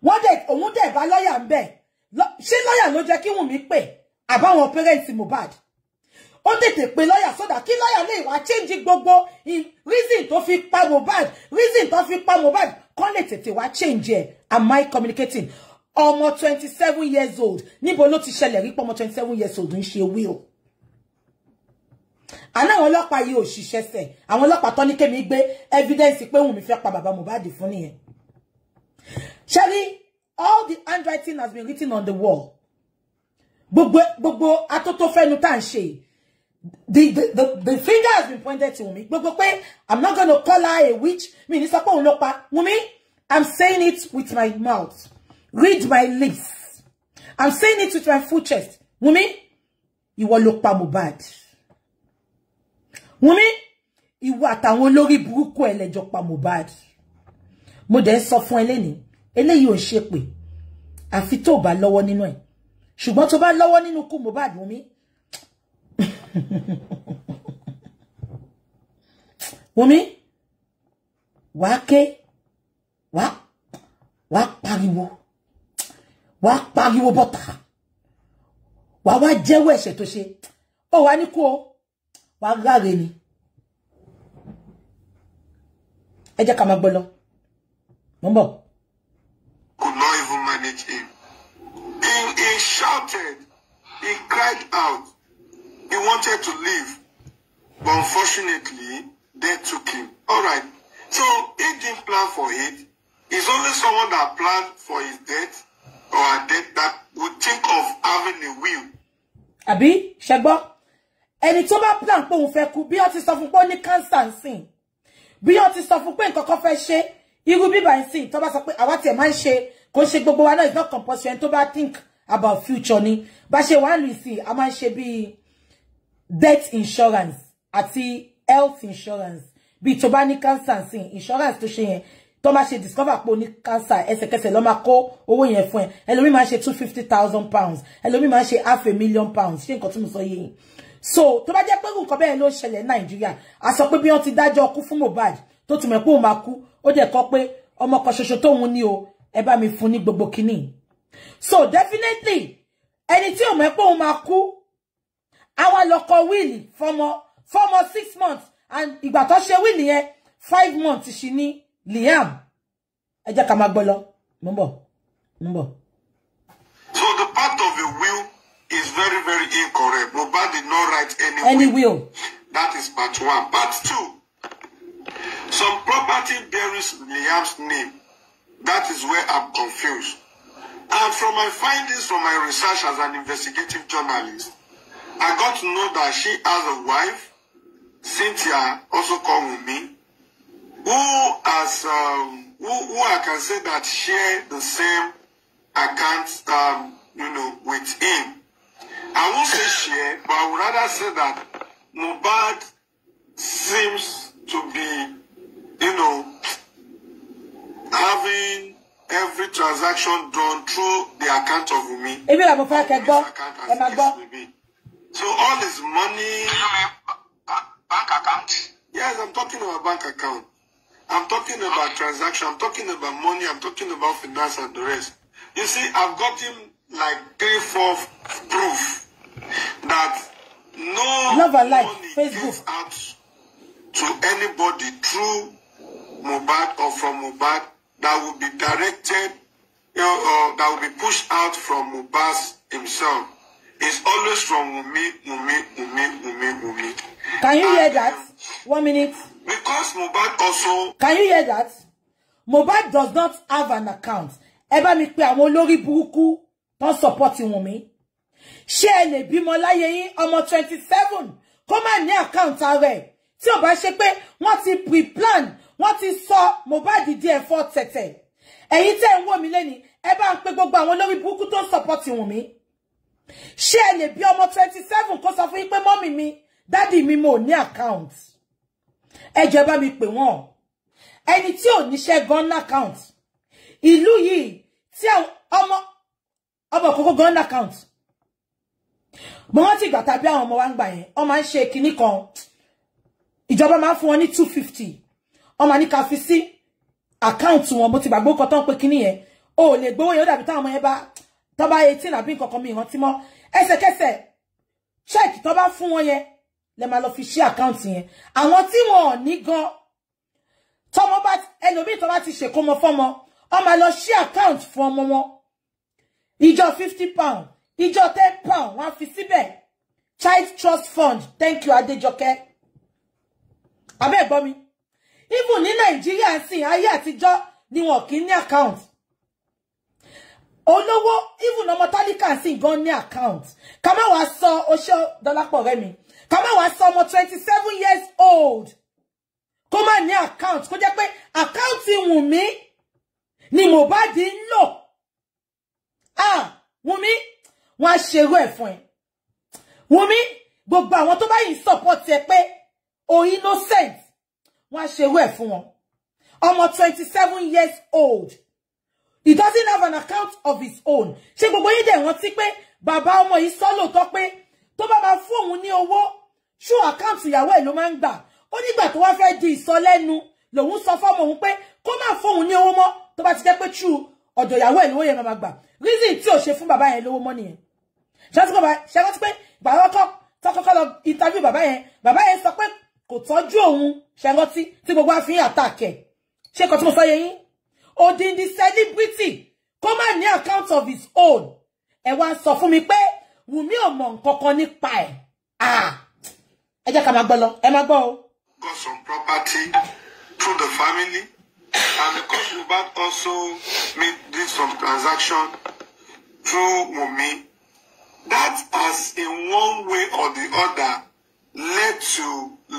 S1: wọ́n dẹ̀ òun dẹ̀ bá lọ́ọ̀yà ń bẹ̀ ṣé lọ́ọ̀yà ló jẹ́ kí Wùnmí pè àbáwọn pẹ́rẹ́ǹtì Mohbad ó tètè pe lọ́ọ̀yà sódà kí lọ́ọ̀yà reason to fi pa Mohbad reason to fi pa Mohbad kọ́ te tètè wá change ẹ̀ am I communicating ọmọ twenty seven years old níbo ló ti ṣẹlẹ̀ rí pọ́mọ twenty seven years old ń ṣe will àná àwọn ọlọ́pàá yìí ò ṣiṣẹ́ sẹ̀ àwọn ọlọ́pàá tó ní kémi gbé evidence pé Wùnmí fẹ́ pa bàbá Mohbad fún nìyẹn ṣẹ́rí all the handwriting has been written on the wall gbogbo gbogbo atótófẹ́nu tá à ń ṣe the, the, the, the finger has been pointed to Wùnmí gbogbo pé I'm not gonna call her a witch mi ní sọ pé òun ló pa Wùnmí I'm saying it with my mouth Read my lips. I'm saying it with my full chest. Wumi, ìwọ ló pa bad. Wumi, ìwọ àtàwọn olórí burúkú ẹ lẹ jọ bad. Mohbad. Mo dẹ̀ sọ fún ẹ lẹ́ni, eléyìí ò ṣe pé. Àfi tó bá lọ́wọ́ nínú ẹ̀. Ṣùgbọ́n tó bá lọ́wọ́ no kú bad Wumi. Wumi, wàá ké, wàá, wàá pariwo. wàá pariwo bọ́ta wàá wá jẹ́wọ́ ẹ̀ṣẹ̀ tó ṣe o wàá ni ẹ jẹ́ ká máa gbọ́ lọ mò ń bọ̀.
S5: could not he shouted he cried out he wanted to leave but unfortunately death took him all right so he didn't plan for it he's only someone that planned for his death or that, that would think of having a will.
S1: Abi, ṣe gbọ́ ẹni tó plan pé òun fẹ́ kú bí ó ti sọ fún pé ó ní cancer nsìn bí ó ti sọ fún pé nǹkan kan fẹ́ ṣe irú bíbá nsìn tó bá sọ pé àwa tiẹ̀ máa ń ṣe kò ṣe is not compulsory ẹni tó think about future ni bá she wà lù sí a máa she ṣe bíi death insurance àti health insurance bíi tó bá ní cancer nsìn insurance to she. yẹn tó bá ṣe discover pé o ní cancer ẹsẹ̀kẹsẹ̀ ló máa kó owó yẹn fún ẹ ẹlòmíì máa ṣe two fifty thousand pounds ẹlòmíì máa ṣe half a million pounds ṣé nǹkan tí mo sọ yé yín so tó bá jẹ́ pé nǹkan bẹ́ẹ̀ ló ṣẹlẹ̀ ní nàìjíríà a sọ pé bí wọ́n ti dájọ́ ọkú fún mohbad tó ti mọ̀ pé òun máa kú ó dẹ̀ kọ́ pé ọmọ kan ṣoṣo tóun ní o ẹ bá mi fún ní gbogbo kínní so definitely ẹni tí ò mọ̀ pé òun máa kú àwa lọ kọ wíìlì fọmọ fọmọ six months and ìgbà tó ṣe wíìlì yẹn five months ṣì ní Liam ẹ jẹ́ ká máa gbọ́ lọ mo ń bọ̀ mo ń bọ̀. So
S5: the part of the will is very very incorrect. Mohbad did not write any, any will. will. That is part one. Part two. Some property bears Liam's name. That is where I'm confused. And from my findings from my research as an investigative journalist, I got to know that she has a wife, Cynthia, also called Wunmi, who has um, who, who I can say that share the same account, um, you know, with him. I won't say share, but I would rather say that Mubad seems to be, you know,
S1: having every transaction done through the account of me. Even la a fẹ́
S5: kẹ́ So all his money. Bank account. Yes, I'm talking about bank account. I'm talking about transaction. I'm talking about money. I'm talking about finance and the rest. You see, I've got him like three, four proof that no Love and money Facebook. out to anybody through Mobad or from Mobad that will be directed you know, or that
S1: will be pushed out from Mubaz himself. It's always from Umi, Umi, Umi, Umi, Umi. Can you and, hear that? Um, One minute. Because Mohbad also. Can you hear that? Mohbad does not have an account. Ẹ bá mi pè àwọn olórí burúkú ton support Wunmi. Ṣé ẹ lè bímọ láyé yín ọmọ 27 kó má ní account are. Tí ó bá ṣe pé wọ́n ti pre-plan, wọ́n ti sọ Mohbad di ẹ̀fọ́ tẹ̀tẹ̀. Ẹ̀yin tẹ́ ń wò mí lẹ́ni, ẹ bá ń pe gbogbo àwọn olórí burúkú tó support Wunmi. Ṣé ẹ lè bí ọmọ 27 kó sọ fún yín pé mommy mi, daddy mi mo ní account ẹ jẹ́ bá mi pè wọ́n ẹni tí ò níṣẹ́ gan account ìlú yìí tí ọmọ ọmọ kókó gan account mo rántí ìgbà tàbí àwọn ọmọ wa ń gbà yẹn wọ́n máa ń ṣe kinní kan ìjọba máa ń fún wọn ní two fifty máa ní ká fi sí account wọn bó ti gbàgbó kan tó ń pe kinní yẹn o lè gbowó yẹn ó dàbí táwọn ọmọ yẹn bá tó bá eighteen àbí nǹkan kan mi ìrántí mọ́ ẹsẹ̀kẹsẹ̀ check tó bá fún wọn yẹn lẹ máa lọ fi ṣí àkáǹtì yẹn àwọn tí wọn ò ní gan tọmọ bá ẹlòmíì tó bá ti ṣèkómọ fọmọ ọ máa lọ ṣí àkáǹtì fún ọmọ wọn ìjọ fifty pound ìjọ ten pound wọn á fi síbẹ̀ child trust fund thank you Adéjọkẹ́ abẹ́ ẹ̀ gbọ́ mi even ní Nàìjíríà sìn ayé àtijọ́ ni wọn kì í ní account olówó even ọmọ tálíkà sìn gan ní account ká má wàá sọ oṣó Dọ́lápọ̀ rẹ mi kọ́ máa wá sọ twenty seven years old kó má ní account kó jẹ́ pé account Wùnmí ni Mohbad ń ah Wùnmí wa á ṣerú ẹ̀ fún ẹ Wùnmí gbogbo àwọn tó bá yìí support ẹ pé o innocent wọ́n á ẹ̀ fún ọmọ twenty seven years old he doesn't have an account of his own ṣé gbogbo yín dẹ̀ rántí pé bàbá ọmọ yìí sọ lóòótọ́ pé tó bá máa fún owó ṣó account to ẹ̀ ló máa ń gbà ó nígbà tó wá fẹ́ di ìsọlẹ́nu lòun sọ fọ́mọ òun pé kó má fóun ní owó mọ́ tó bá ti jẹ́ pé true ọ̀dọ̀ ìyàwó ẹ̀ lówó yẹn máa gbà reason tí ò ṣe fún bàbá yẹn lówó mọ́ nìyẹn ṣẹ́kọ́ ti pé ìgbà kọ́kọ́ tọ́kọ́kọ́ lọ interview bàbá yẹn bàbá yẹn sọ pé kò tọ́jú òun ṣẹ́kọ́ tí tí gbogbo àfihàn àtàkẹ́ ṣé kọ́ tí mo sọ yẹn pe ko toju oun seko ti ti gbogbo attack atake se ko ti mo so yen yin odindi celebrity kó ní account of his own ẹ̀ wá sọ fún mi pé Wùmí ò mọ̀ nǹkan kan nípa ẹ̀ ah ẹ jẹ́ ká máa gbọ́ lọ ẹ máa gbọ́ o. got some property through the family and because Mohbad also
S5: made did some transaction through Wunmi that has in one way or the other led to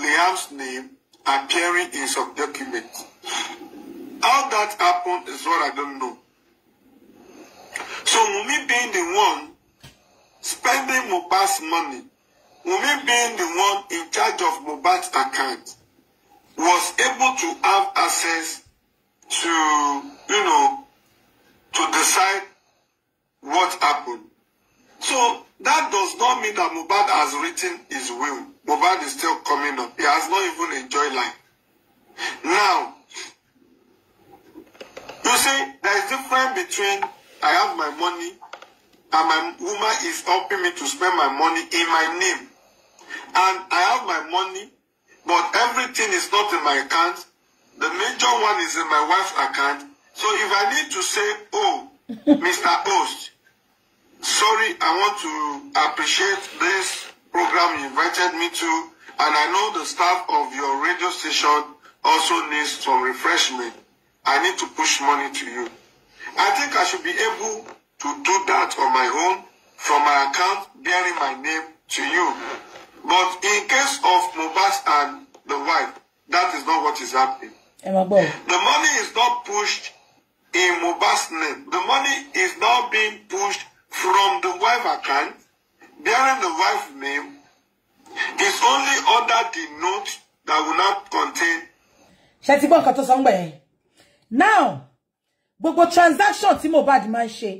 S5: Liam's name appearing in some documents. how that happened is what I don't know so Wunmi being the one spending Mohbad's money Wunmi being the one in charge of Mohbad's account was able to have access to, you know, to decide what happened. So that does not mean that Mohbad has written his will. Mohbad is still coming up. He has not even enjoyed life. Now, you see, there is a difference between I have my money and my woman is helping me to spend my money in my name. And I have my money, but everything is not in my account. The major one is in my wife's account. So if I need to say, oh, Mr. Host, sorry, I want to appreciate this program you invited me to, and I know the staff of your radio station also needs some refreshment. I need to push money to you. I think I should be able to do that on my own from my account bearing my name to you. But in case of Mohbad and the wife, that is not what is happening. The money is not pushed in Mohbad's name. The money is now being pushed from the wife account, bearing the wife's name, It's only under the note that will not contain.
S1: Ṣé ti gbọ́ nǹkan tó sọ ń gbẹ̀ yẹn? Now, gbogbo transaction tí Mohbad máa ń ṣe,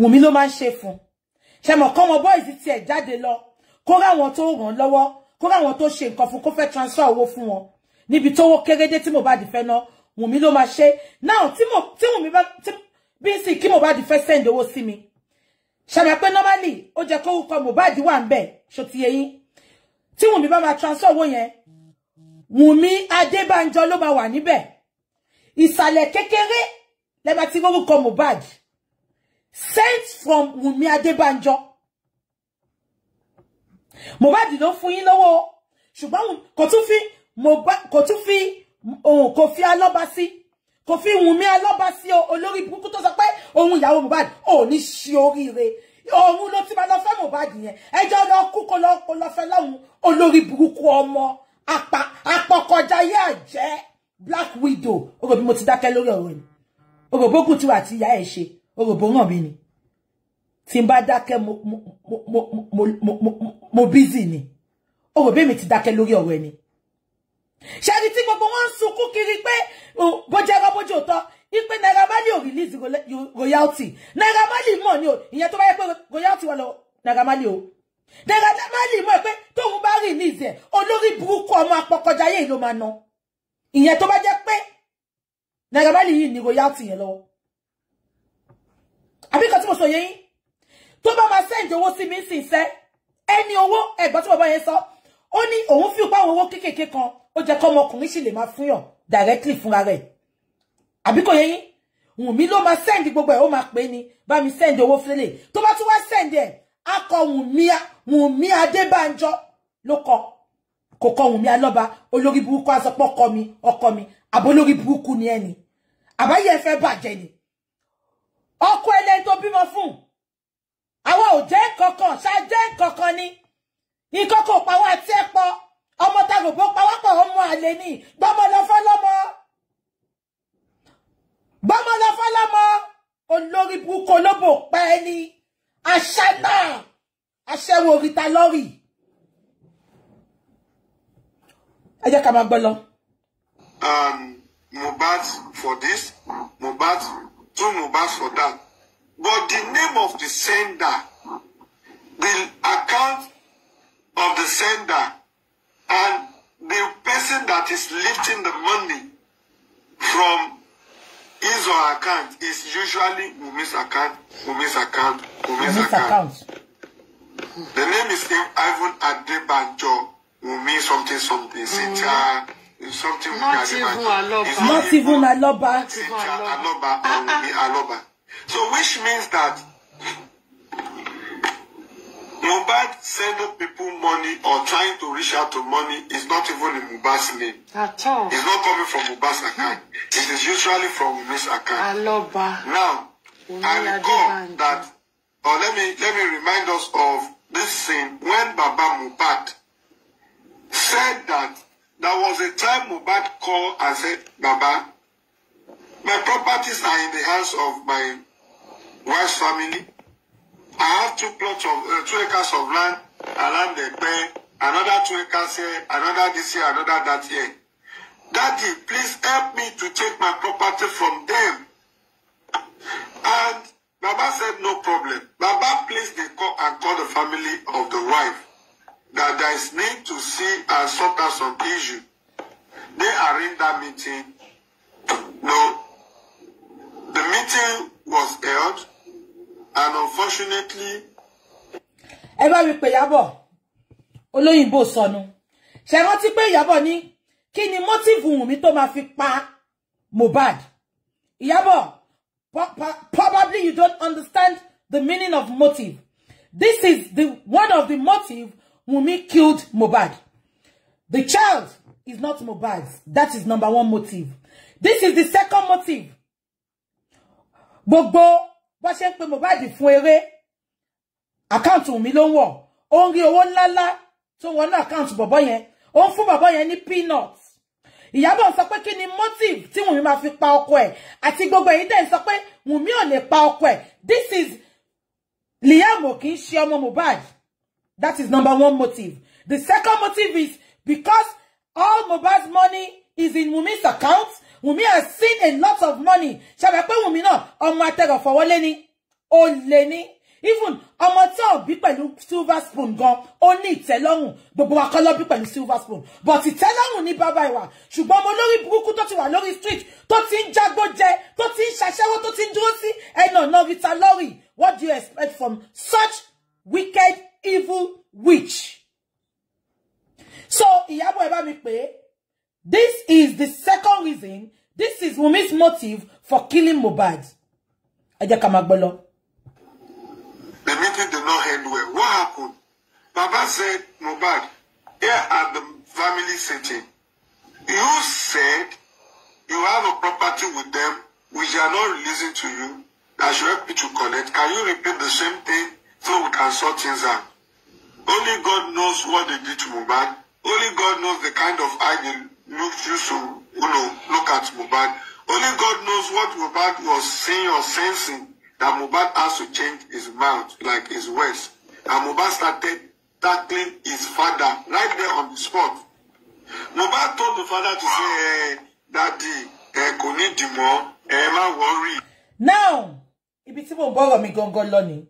S1: Wùmí ló máa ń ṣe fún. Ṣé mọ̀ kọ́ ọmọ bọ́ìsì tiẹ̀ jáde kó wato tó ràn lọ́wọ́ kó ráwọn tó ṣe nǹkan fún kó fẹ́ transfer owó fún wọn níbi tó wó kéré dé tí Mohbad fẹ́ ná Wùnmí ló máa ṣe náà tí mo tí Wùnmí bá tí bí sì kí Mohbad fẹ́ send owó sí mi ṣàmì kọ Mohbad wà ń bẹ̀ ṣó ti yẹ yín bi si ki di fe send owo Wùnmí ko ko mohbad wa n so ti yin ti wunmi ba maa transfer owó yẹn Wùnmí Adébánjọ ló máa wà níbẹ̀ ìsàlẹ̀ kékeré lẹ́bàá tí ba di. sent from Wùnmí Adébánjọ Mohbad ló fún yín lówó ṣùgbọ́n kò tún fi kò tún fi òun kò fi alọ́ba sí kò fi Wùnmí alọ́ba sí olórí burúkú tó sọ pé òun ìyàwó Mohbad ò ní ṣe oríire òun ló ti máa lọ fẹ́ Mohbad yẹn ẹjọ́ lọ kú kó lọ kó lọ fẹ́ lọ́hùn olórí burúkú ọmọ apá apọkọjá yẹ àjẹ́ Black Widow orò bí mo ti dákẹ́ lórí ọ̀rọ̀ ni orò bókùn tiwa àti ìyá ẹ̀ ṣe orò bó ràn mí ni tí bá dákẹ́ mo mo mo mo mo mo busy ni o rò bẹ́ẹ̀ mi ti dákẹ́ lórí owe ẹni ṣe ni tí gbogbo wọn suku kiri pé bójú ẹ̀rọ bójú òótọ́ ipe Naira Marley ò release royalty Naira Marley mọ̀ ni o ìyẹn tó bá yẹ pé royalty wọn lọ Naira Marley o Naira Marley mọ̀ pé tóun bá release ẹ̀ olórí burúkú ọmọ apọkọjáyé ló máa ná ìyẹn tó bá jẹ́ pé Naira Marley yìí ni royalty yẹn lọ́wọ́ àbíkan tí mo sọ yín tó bá máa send owó sí mi sì sẹ́ ẹni owó ẹ̀gbọ́n tí bàbá yẹn sọ ó ní fi pa owó kéékèèké kan ó jẹ́ kọ́ ọmọkùnrin sì lè máa fún yàn directly fúnra rẹ̀ àbí kò yé yín Wùnmí ló máa send gbogbo ẹ̀ ó máa pè ní bá mi send owó fúlélè tó bá tún wá send ẹ̀ akọ Wùnmí Wùnmí Adébánjọ ló kọ kò kọ Wùnmí Alọ́ba olórí burúkú asọpọ̀ kọ mi ọkọ mi àbólórí burúkú ni ẹni àbáyé fẹ́ bàjẹ́ ni ọkọ ẹlẹ́ni tó bímọ fún ò jẹ́ kankan ṣáájẹ́ kankan ni nǹkan kò pa wá tí ọmọ ta rògbò pawápọ̀ ọmọ àlè ni gbọmọ lọ fọlọmọ gbọmọ lọ fọlọmọ olórí burúkú olóbò pa ẹni àṣà náà oríta lọ́rì ẹ jẹ́ ká máa gbọ́ lọ.
S5: Mohbad for this, Mohbad, two Mohbad for that. But the name of the sender the account of the sender and the person that is lifting the money from his or her account is usually Wumi's account, Wumi's account, Wumi's account. account. The name is Ivan Adebanjo Wumi something something. Mm. Sita, something Not even Aloba. Not even
S1: Aloba.
S5: Sita Aloba or Wumi ah, ah. Aloba. So which means that Mubad sending people money or trying to reach out to money is not even in Mubad's name. At all. It's not coming from Mubad's account. it is usually from Miss account. Aloba. Now, I recall that, or let me let me remind us of this scene when Baba Mubad said that there was a time Mubad called and said, Baba, my properties are in the hands of my wife's family. I have two plots of uh, two acres of land around the bear, another two acres here, another this year, another that year. Daddy, please help me to take my property from them. And Baba said, no problem. Baba pleased the call and called the family of the wife that there is need to see and sort out some issue. They are in that meeting. No. The meeting was held. and unfortunately.
S1: ẹ bá mi pè Ìyábọ̀ olóyìnbó sọnù ṣe rántí pé Ìyábọ̀ ní kí ni kini ni Wùnmí tó ma fi pa Mobad. Ìyábọ̀ probably you don't understand the meaning of motive this is the one of the motive Wùnmí killed Mobad. the child is not Mobad. that is number one motive this is the second motive gbogbo bó ṣe ń pe Mohbad fún eré àkáǹtì mi ló ń wọ̀ ó ń rí owó ńláńlá tó wọnú àkáǹtì bọ̀bọ́ yẹn ó ń fún bọ̀bọ́ yẹn ní peanut Ìyábọ̀ sọ pé kí ni motive tí Wùnmí máa fi pa ọkọ ẹ̀ àti gbogbo èyí dẹ̀ sọ pé Wùnmí ò lè pa ọkọ ẹ̀ this is Liam ò kì í ṣe ọmọ Mohbad that is number one motive the second motive is because all Mohbad's money is in Wùnmí's account Wùmí has seen a lot of money. Ṣàbẹ̀ pé Wùmí náà my atẹ́gọ̀ fọwọ́lé ni. Ó lè ní. Even amateur people ò bí pẹ̀lú silver spoon only. ó ní ìtẹ́lọ́rùn. Gbogbo wa kọ́ lọ silver spoon. But ìtẹ́lọ́rùn ní bàbá ìwà. Ṣùgbọ́n ọmọ olórí burúkú tó ti wà lórí street, tó ti jẹ, tó ti ń ṣaṣẹ́wó, tó ti ń dúró sí ẹnà náà Lorry. What do you expect from such wicked, evil witch? So, Ìyábọ̀ ẹ mi pè This is the second reason This is Wumi's motive for killing Mohbad. Ẹ kamagbolo. The meeting did not end well.
S5: What happened? Baba said, Mohbad, here at the family setting, you said you have a property with them which are not releasing to you that you help you to collect. Can you repeat the same thing so we can sort things out? Only God knows what they did to Mubad. Only God knows the kind of eye they looked you so you know, look at Mohbad. Only God knows what Mohbad was seeing or sensing that Mohbad has to change his mouth, like his words. And Mohbad started tackling his father right there on the spot. Mohbad told the father to say, eh, Daddy, eh, kò ní dì mọ́, eh, má worry.
S1: Now, if it's even bọ́rọ̀ me go go learning,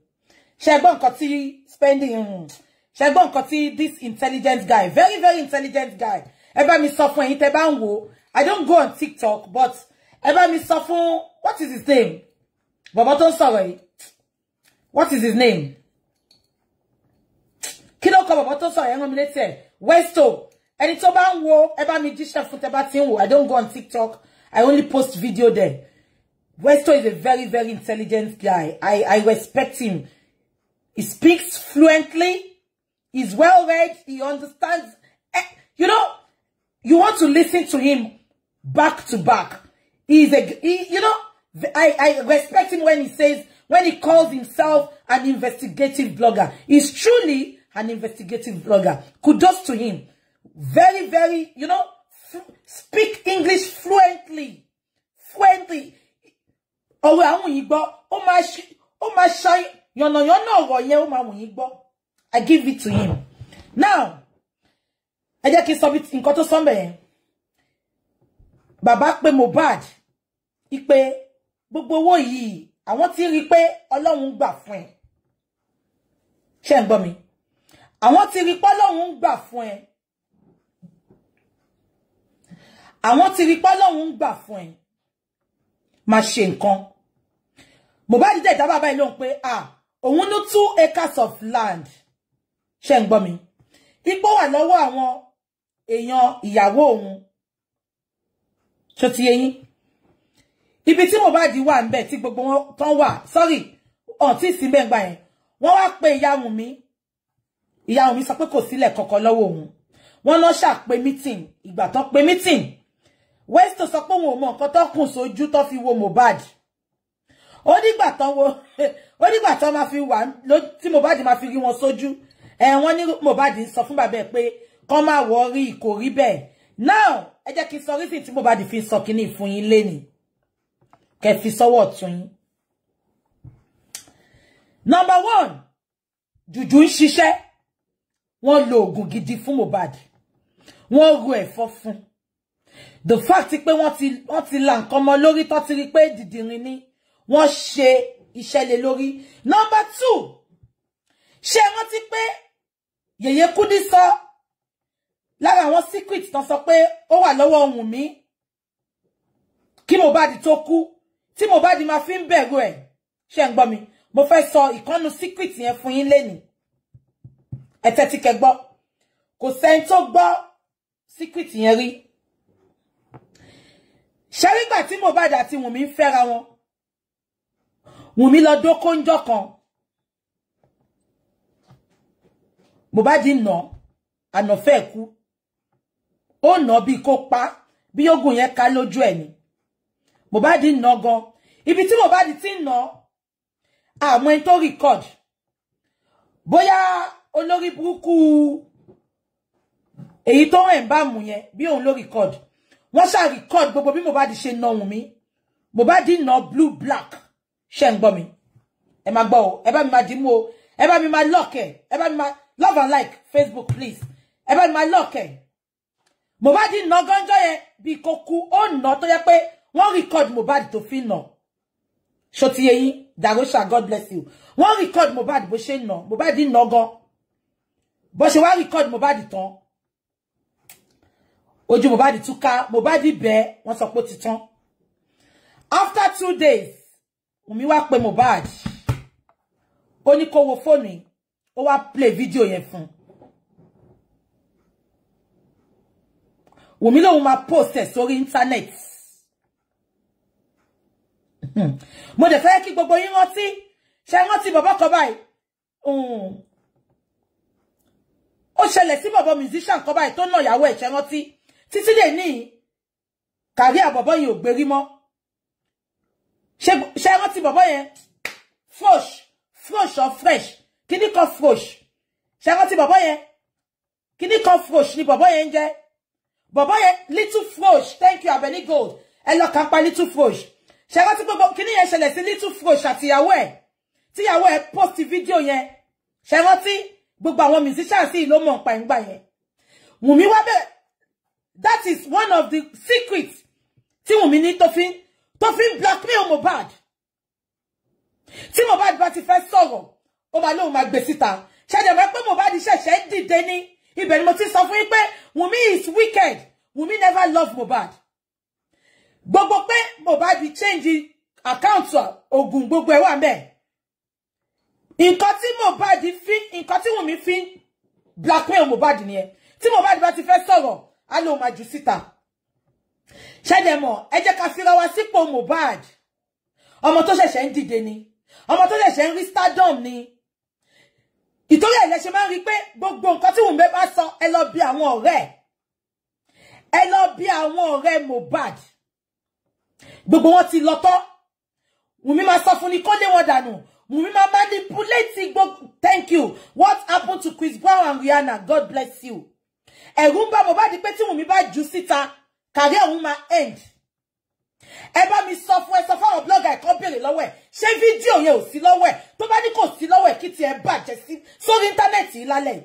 S1: Ṣé gbọ́ nǹkan tí spending mm, ṣé gbọ́ nǹkan tí this intelligent guy very very intelligent guy ẹ bá mi sọ fún ẹ̀yin tẹ́ I don't go on TikTok, but ẹ Mister what is his name? Bàbá tó What is his name? Kí kọ bàbá Westo. and it's bá wo, ẹ me, mi I don't go on TikTok. I only post video there. Westo is a very, very intelligent guy. I, I respect him. He speaks fluently. He's well read. He understands. Eh, you know, you want to listen to him back to back. He's a, he, you know, I, I respect him when he says, when he calls himself an investigative blogger. He's truly an investigative blogger. Kudos to him. Very, very, you know, speak English fluently. Fluently. Oh, àwọn oh, my, oh, my, ó máa ṣe yànnàyànnà ọ̀rọ̀ yẹn, ó oh my I give it to him. Now, I just keep n in koto somewhere. bàbá pé Mohbad ipe gbogbo owó yìí àwọn ti rí pé Ọlọ́run gbà fún ẹ ṣé ń gbọ́ mi àwọn ti rí pé Ọlọ́run gbà fún ẹ àwọn ti rí pé Ọlọ́run gbà fún ẹ máa ṣe nǹkan Mohbad dẹ̀ dá bàbá yìí lóhùn pé ah òun ló two acres of land ṣé ń gbọ́ mi ipò wà lọ́wọ́ àwọn èèyàn ìyàwó òun ṣó ti yé yín ti tí Mohbad wà ń bẹ̀ tí gbogbo wọn tán wà sorry ọ̀tí sí mẹ́ngbà yẹn wọ́n wá pé ìyá Wùnmí ìyá Wùnmí sọ pé kò sílẹ̀ kankan lọ́wọ́ òun wọ́n lọ ṣàpè meeting ìgbà tán pé meeting West sọ pé òun ò mọ nǹkan tó kùn sójú fi wo Mohbad ó nígbà tán wo ó nígbà tán máa fi wà tí Mohbad máa fi rí wọn sójú ẹ wọ́n ní Mohbad ń sọ fún bàbá ẹ̀ pé kán máa wọ rí kò rí bẹ́ẹ̀ now ẹ jẹ́ kí n sọ rísìn tí Mohbad fi sọ kíní fún yín lénìí kẹ fi sọ́wọ́ ọ̀tún yín. number one jùjú ń ṣiṣẹ́ wọ́n lo oògùn gidi fún Mohbad wọ́n ru ẹ̀fọ́ fún the fact pé wọ́n ti wọ́n ti la nǹkan lórí tó ti rí pé dìdìrín ni wọ́n ṣe iṣẹ́ lé lórí number two ṣé wọ́n ti pé yèyé kúdí sọ. so lára àwọn secret tán sọ pé ó wà lọ́wọ́ ohun mi kí Mohbad tó kú tí Mohbad máa fi ń bẹ̀rù ẹ̀ ṣe ń gbọ́ mi mo fẹ́ sọ ìkọ́nu secret yẹn fún yín lénìí ẹ tẹ́tí kẹ́ kò sẹ́ni tó gbọ́ secret yẹn rí ṣe rígbà tí Mohbad àti Wùnmí ń fẹ́ra wọn Wùnmí lọ dókó ń kan Mohbad nà ànàfẹ́ kú ó no bí kó pa bí ogun yẹn ká lójú ẹ̀ ni Mohbad nà gan ibi tí Mohbad tó record bóyá olórí buku. èyí tó ń bá mú yẹn bí òun ló record wọ́n ṣáà record gbogbo bí Mohbad ṣe no òun mi Mohbad nà blue black ṣe ń gbọ́ mi ẹ máa gbọ́ o ẹ bá mi máa dìímú o ẹ bá mi ẹ bá mi love and like Facebook please ẹ bá mi máa Mohbad nà gánjọ́ ye bí kòkú on nà tó yẹ pé wọ́n record Mohbad tó fi nà ṣó yé God bless you wọ́n record Mohbad bó ṣe nà Mohbad nà gan bó ṣe wá record Mohbad tán ojú Mohbad túká Mohbad bẹ́ wọ́n sọ pé ó ti after two days Wùmí wá pè Mohbad ó kó wo ó wá play video yẹn fún Wùmí lòun máa post ẹ̀ internet. Mo dẹ̀ fẹ́ kí gbogbo yín rántí. Ṣé rántí bàbá kan báyìí? Hmm. Ó ṣẹlẹ̀ sí bàbá musician kan báyìí tó nà ìyàwó ẹ̀ ṣé rántí. Títí dè ní kàrí àbọ̀bọ̀ yìí ò gbérí mọ́. Ṣé rántí bàbá yẹn? Frosh, frosh or fresh. Kini ni kan frosh? Ṣé rántí bàbá yẹn? Kí ni kan frosh ni bàbá yẹn ń bọ̀bọ́ yẹn little frosh thank you Abeni gold ẹ lọ little frosh ṣe rántí pé kíní yẹn ṣẹlẹ̀ sí little frosh àtìyàwó ẹ̀ tíyàwó ẹ̀ post fídíò yẹn ṣe rántí gbogbo àwọn musicians yìí ló mọ̀ ọ̀pá ìgbà yẹn Wùmí wá bẹ́ẹ̀ that is one of the secrets tí Wùmí ní tó fi tó fi blackmail Mohbad tí Mohbad ba ti fẹ́ sọ̀rọ̀ ó máa lóun máa gbé síta ṣẹ̀dẹ̀ mọ́ pé Mohbad ṣẹ̀ṣẹ̀ dìde ní. ibẹ̀ ni mo ti sọ pé Wunmi is wicked Wunmi never love Mohbad gbogbo pé Mohbad change account ogun gbogbo ẹ̀ wà mẹ́ẹ̀ nǹkan tí Mohbad fi nǹkan black Wunmi fi blackmail in nìyẹn tí Mohbad bá ti fẹ́ sọ̀rọ̀ á lóun máa jù síta ṣẹ́dẹ̀mọ̀ ká fira wa sípò Mohbad ọmọ tó ṣẹ̀ṣẹ̀ ń dìde ni ọmọ tó ṣẹ̀ṣẹ̀ ń ni ìtorí ẹ̀ lẹ́ṣẹ̀ máa ń rí i pé gbogbo nǹkan tí Wùnmí bá sọ ẹ lọ bí àwọn ọ̀rẹ́ ẹ̀ ẹ lọ bí àwọn ọ̀rẹ́ Mohbad gbogbo wọn ti lọ tọ́ Wùnmí máa sọ fún ni kó lé wọn dànù Wùnmí máa manipulate gbogbo thank you what happened to Chris Brown and Rihanna God bless you ẹ̀rù ń bá Mohbad pé tí Wùnmí bá jù síta kàrí ọ̀hún máa end. ẹ bá mi sọ fún ẹ sọ fún àwọn blogger ẹ kàn béèrè lọ́wọ́ ẹ ṣé fídíò yẹn ò sí lọ́wọ́ ẹ tó bá ní kò sí lọ́wọ́ ẹ kí tiẹ̀ bàjẹ́ sí sórí íńtánẹ́ẹ̀tì lálẹ́ yìí.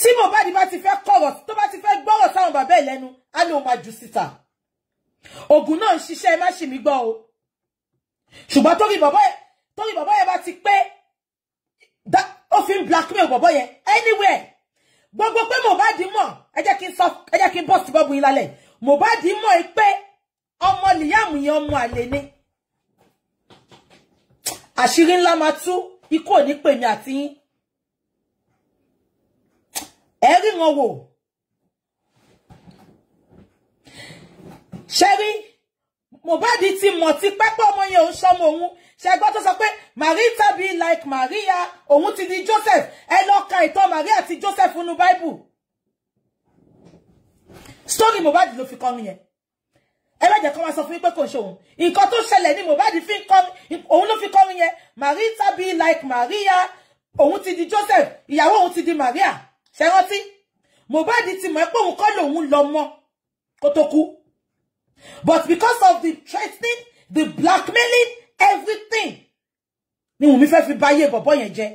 S1: tí Mohbad bá ti fẹ́ kọ̀rọ̀ tó bá ti fẹ́ ba sáwọn bàbá ẹ̀ lẹ́nu á ní òun máa jù síta oògùn náà ń ṣiṣẹ́ ẹ má ṣì mí gbọ́ o ṣùgbọ́n torí bàbá yẹn torí bàbá yẹn bá ti pé ó fi blackmail baba yẹn anywhere gbogbo pé Mohbad mọ̀ ẹ jẹ́ kí n sọ ẹ jẹ́ kí n bọ́ sí bọ́ọ̀bù yín lálẹ́ Mohbad mọ̀ ẹ pé ọmọ Liam yẹn ọmọ àlè ni àṣírí ńlá máa tú ikú ò ní pè mí àti yín ẹ rí wọn wò ṣẹ́rí Mohbad ti mọ̀ ti pẹ́pẹ́ ọmọ yẹn ò ń sọmọ òun ṣe gbọ́ tó sọ pé Marita be like Maria òun ti di Joseph ẹ lọ ka ìtàn Maria ti Joseph nínú Bible story Mohbad ló fi kọrin yẹn ẹlẹ́jẹ̀ kan wá sọ fún mi pé kò ṣe òun nǹkan tó ṣẹlẹ̀ ní Mohbad fi kọrin òun ló fi kọrin yẹn Marita be like Maria òun ti di Joseph ìyàwó òun ti di Maria ṣe rántí Mohbad ti mọ̀ pé òun kọ́ lòun lọ mọ́ kó tó kú but because of the threatening the blackmailing everything ni Wùnmí fẹ́ fi báyé bọ̀bọ́ yẹn jẹ́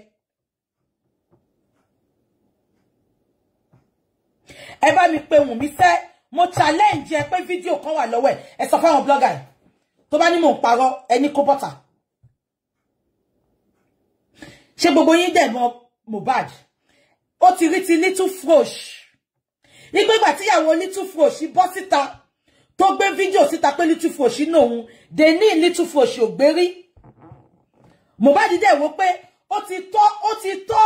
S1: ẹ bá mi pé Wùnmí fẹ́ mo challenge ẹ video fídíò kan wà lọ́wọ́ ẹ ẹ sọ fáwọn blọ́gà ẹ tó bá ní mò ń parọ́ ẹni kó gbogbo yín dẹ̀ mọ̀ Mohbad ó ti rí ti little frosh nígbà ti tíyàwó little frosh bọ́ síta tó gbé fídíò síta pé little foshi nóhun they need little foshi ògbérí Mohbad dẹ̀ wò pé ó ti tọ́ ó ti tọ́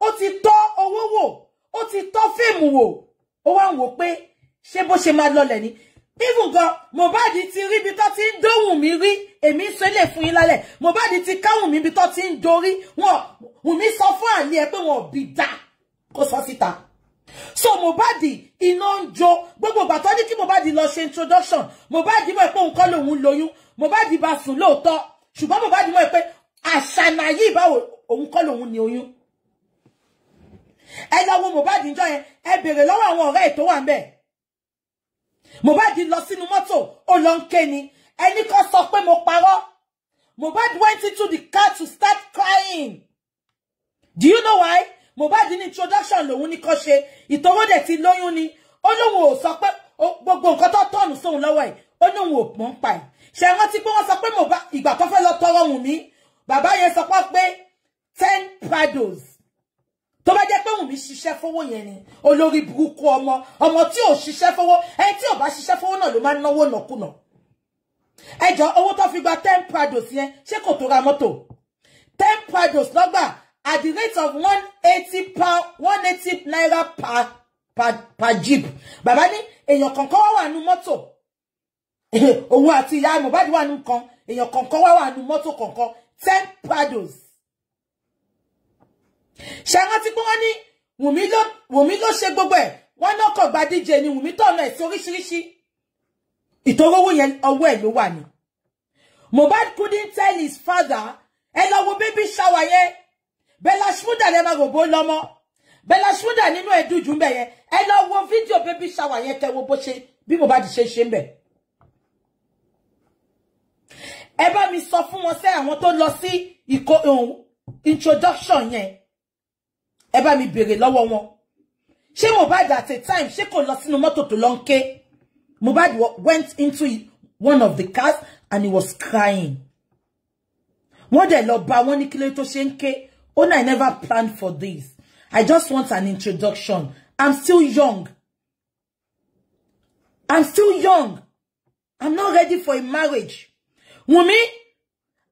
S1: ó ti tọ́ owó wò ó ti tọ́ fíìmù wò ó wá ń wò pé ṣé bó ṣe máa lọlẹ̀ ni even gan Mohbad ti rí ibi tó ti ń dóhùn mi rí èmi ń sọlẹ̀ fún yín lálẹ́ Mohbad ti káhùn mi ibi tó ti ń dorí wọn Wùnmí sọ fún àní ẹ pé wọn ò bí dá kó so Mohbad iná ń jó gbogbo ìgbà tó ní kí Mohbad lọ ṣe introduction Mohbad mọ̀ pé òun kọ́ lòun lóyún Mohbad bá sùn lóòótọ́ ṣùgbọ́n Mohbad mọ̀ pé àṣànà yìí bá òun kọ́ lòun ní oyún ẹ lọ wo Mohbad níjọ́ yẹn ẹ béèrè lọ́wọ́ àwọn ọ̀rẹ́ ètò wà ń bẹ̀ Mohbad lọ sínú mọ́tò ó lọ ń ké ni ẹni kan sọ pé mo parọ́ Mohbad went into the car to start crying do you know why? Mohbad ní introduction lòun ní kọ́ ṣe ìtọ́wọ́ dẹ̀ ti lóyún ni ó lóun ò sọ pé gbogbo nǹkan tó tọ̀nù sóun lọ́wọ́ ẹ̀ ó lóun ò pọ́n pa ẹ̀ ṣe rántí pé wọ́n sọ pé Mohbad ìgbà tó fẹ́ lọ tọrọ Wùnmí bàbá yẹn sọ pé ten prados tó bá jẹ́ pé mi ṣiṣẹ́ fowó yẹn ni olórí burúkú ọmọ ọmọ tí ò ṣiṣẹ́ fowó ẹni tí ò bá ṣiṣẹ́ fowó náà ló máa ń náwó nàkúnà ẹjọ́ owó tó fi gba ten prados yẹn ṣé kò tó ra mọ́tò ten prados lọ́gbà at the rate of one eighty pound one eighty naira per per per jeep bàbá ní èèyàn kọ̀ọ̀kan wà moto. nù mọ́tò ya mo, ìyá Mohbad wà nù kan èèyàn kọ̀ọ̀kan wa wà moto mọ́tò kọ̀ọ̀kan ten paddles ṣe rántí pé wọ́n ní Wùmí ló ṣe gbogbo ẹ̀ wọ́n náà kàn gba díje ni Wùmí tọ̀nà ẹ̀ sí oríṣiríṣi ìtorówó yẹn ọwọ́ ẹ̀ ló wà ní Mohbad couldn't tell his father ẹ lọ wo baby shower yẹn Bella Shmurda lè má gòbó lọ́mọ. Bella Shmurda nínú do ńbẹ̀ ye. Ẹ lọ wo video baby shower yẹn kẹ́ wo bó ṣe bí Mohbad ṣe ṣe ńbẹ̀. Ẹ bá mi sọ fún sẹ́ àwọn tó lọ sí ìkó introduction ye. Ẹ bá mi béèrè lọ́wọ́ wọn. Ṣé Mohbad at a time She kò lọ sínú mọ́tò tó long ń ké? Mohbad went into one of the cars and he was crying. Wọ́n dẹ̀ lọ bá wọn ní kílé tó ṣe ké. Oh, I never planned for this. I just want an introduction. I'm still young. I'm still young. I'm not ready for a marriage. Wumi,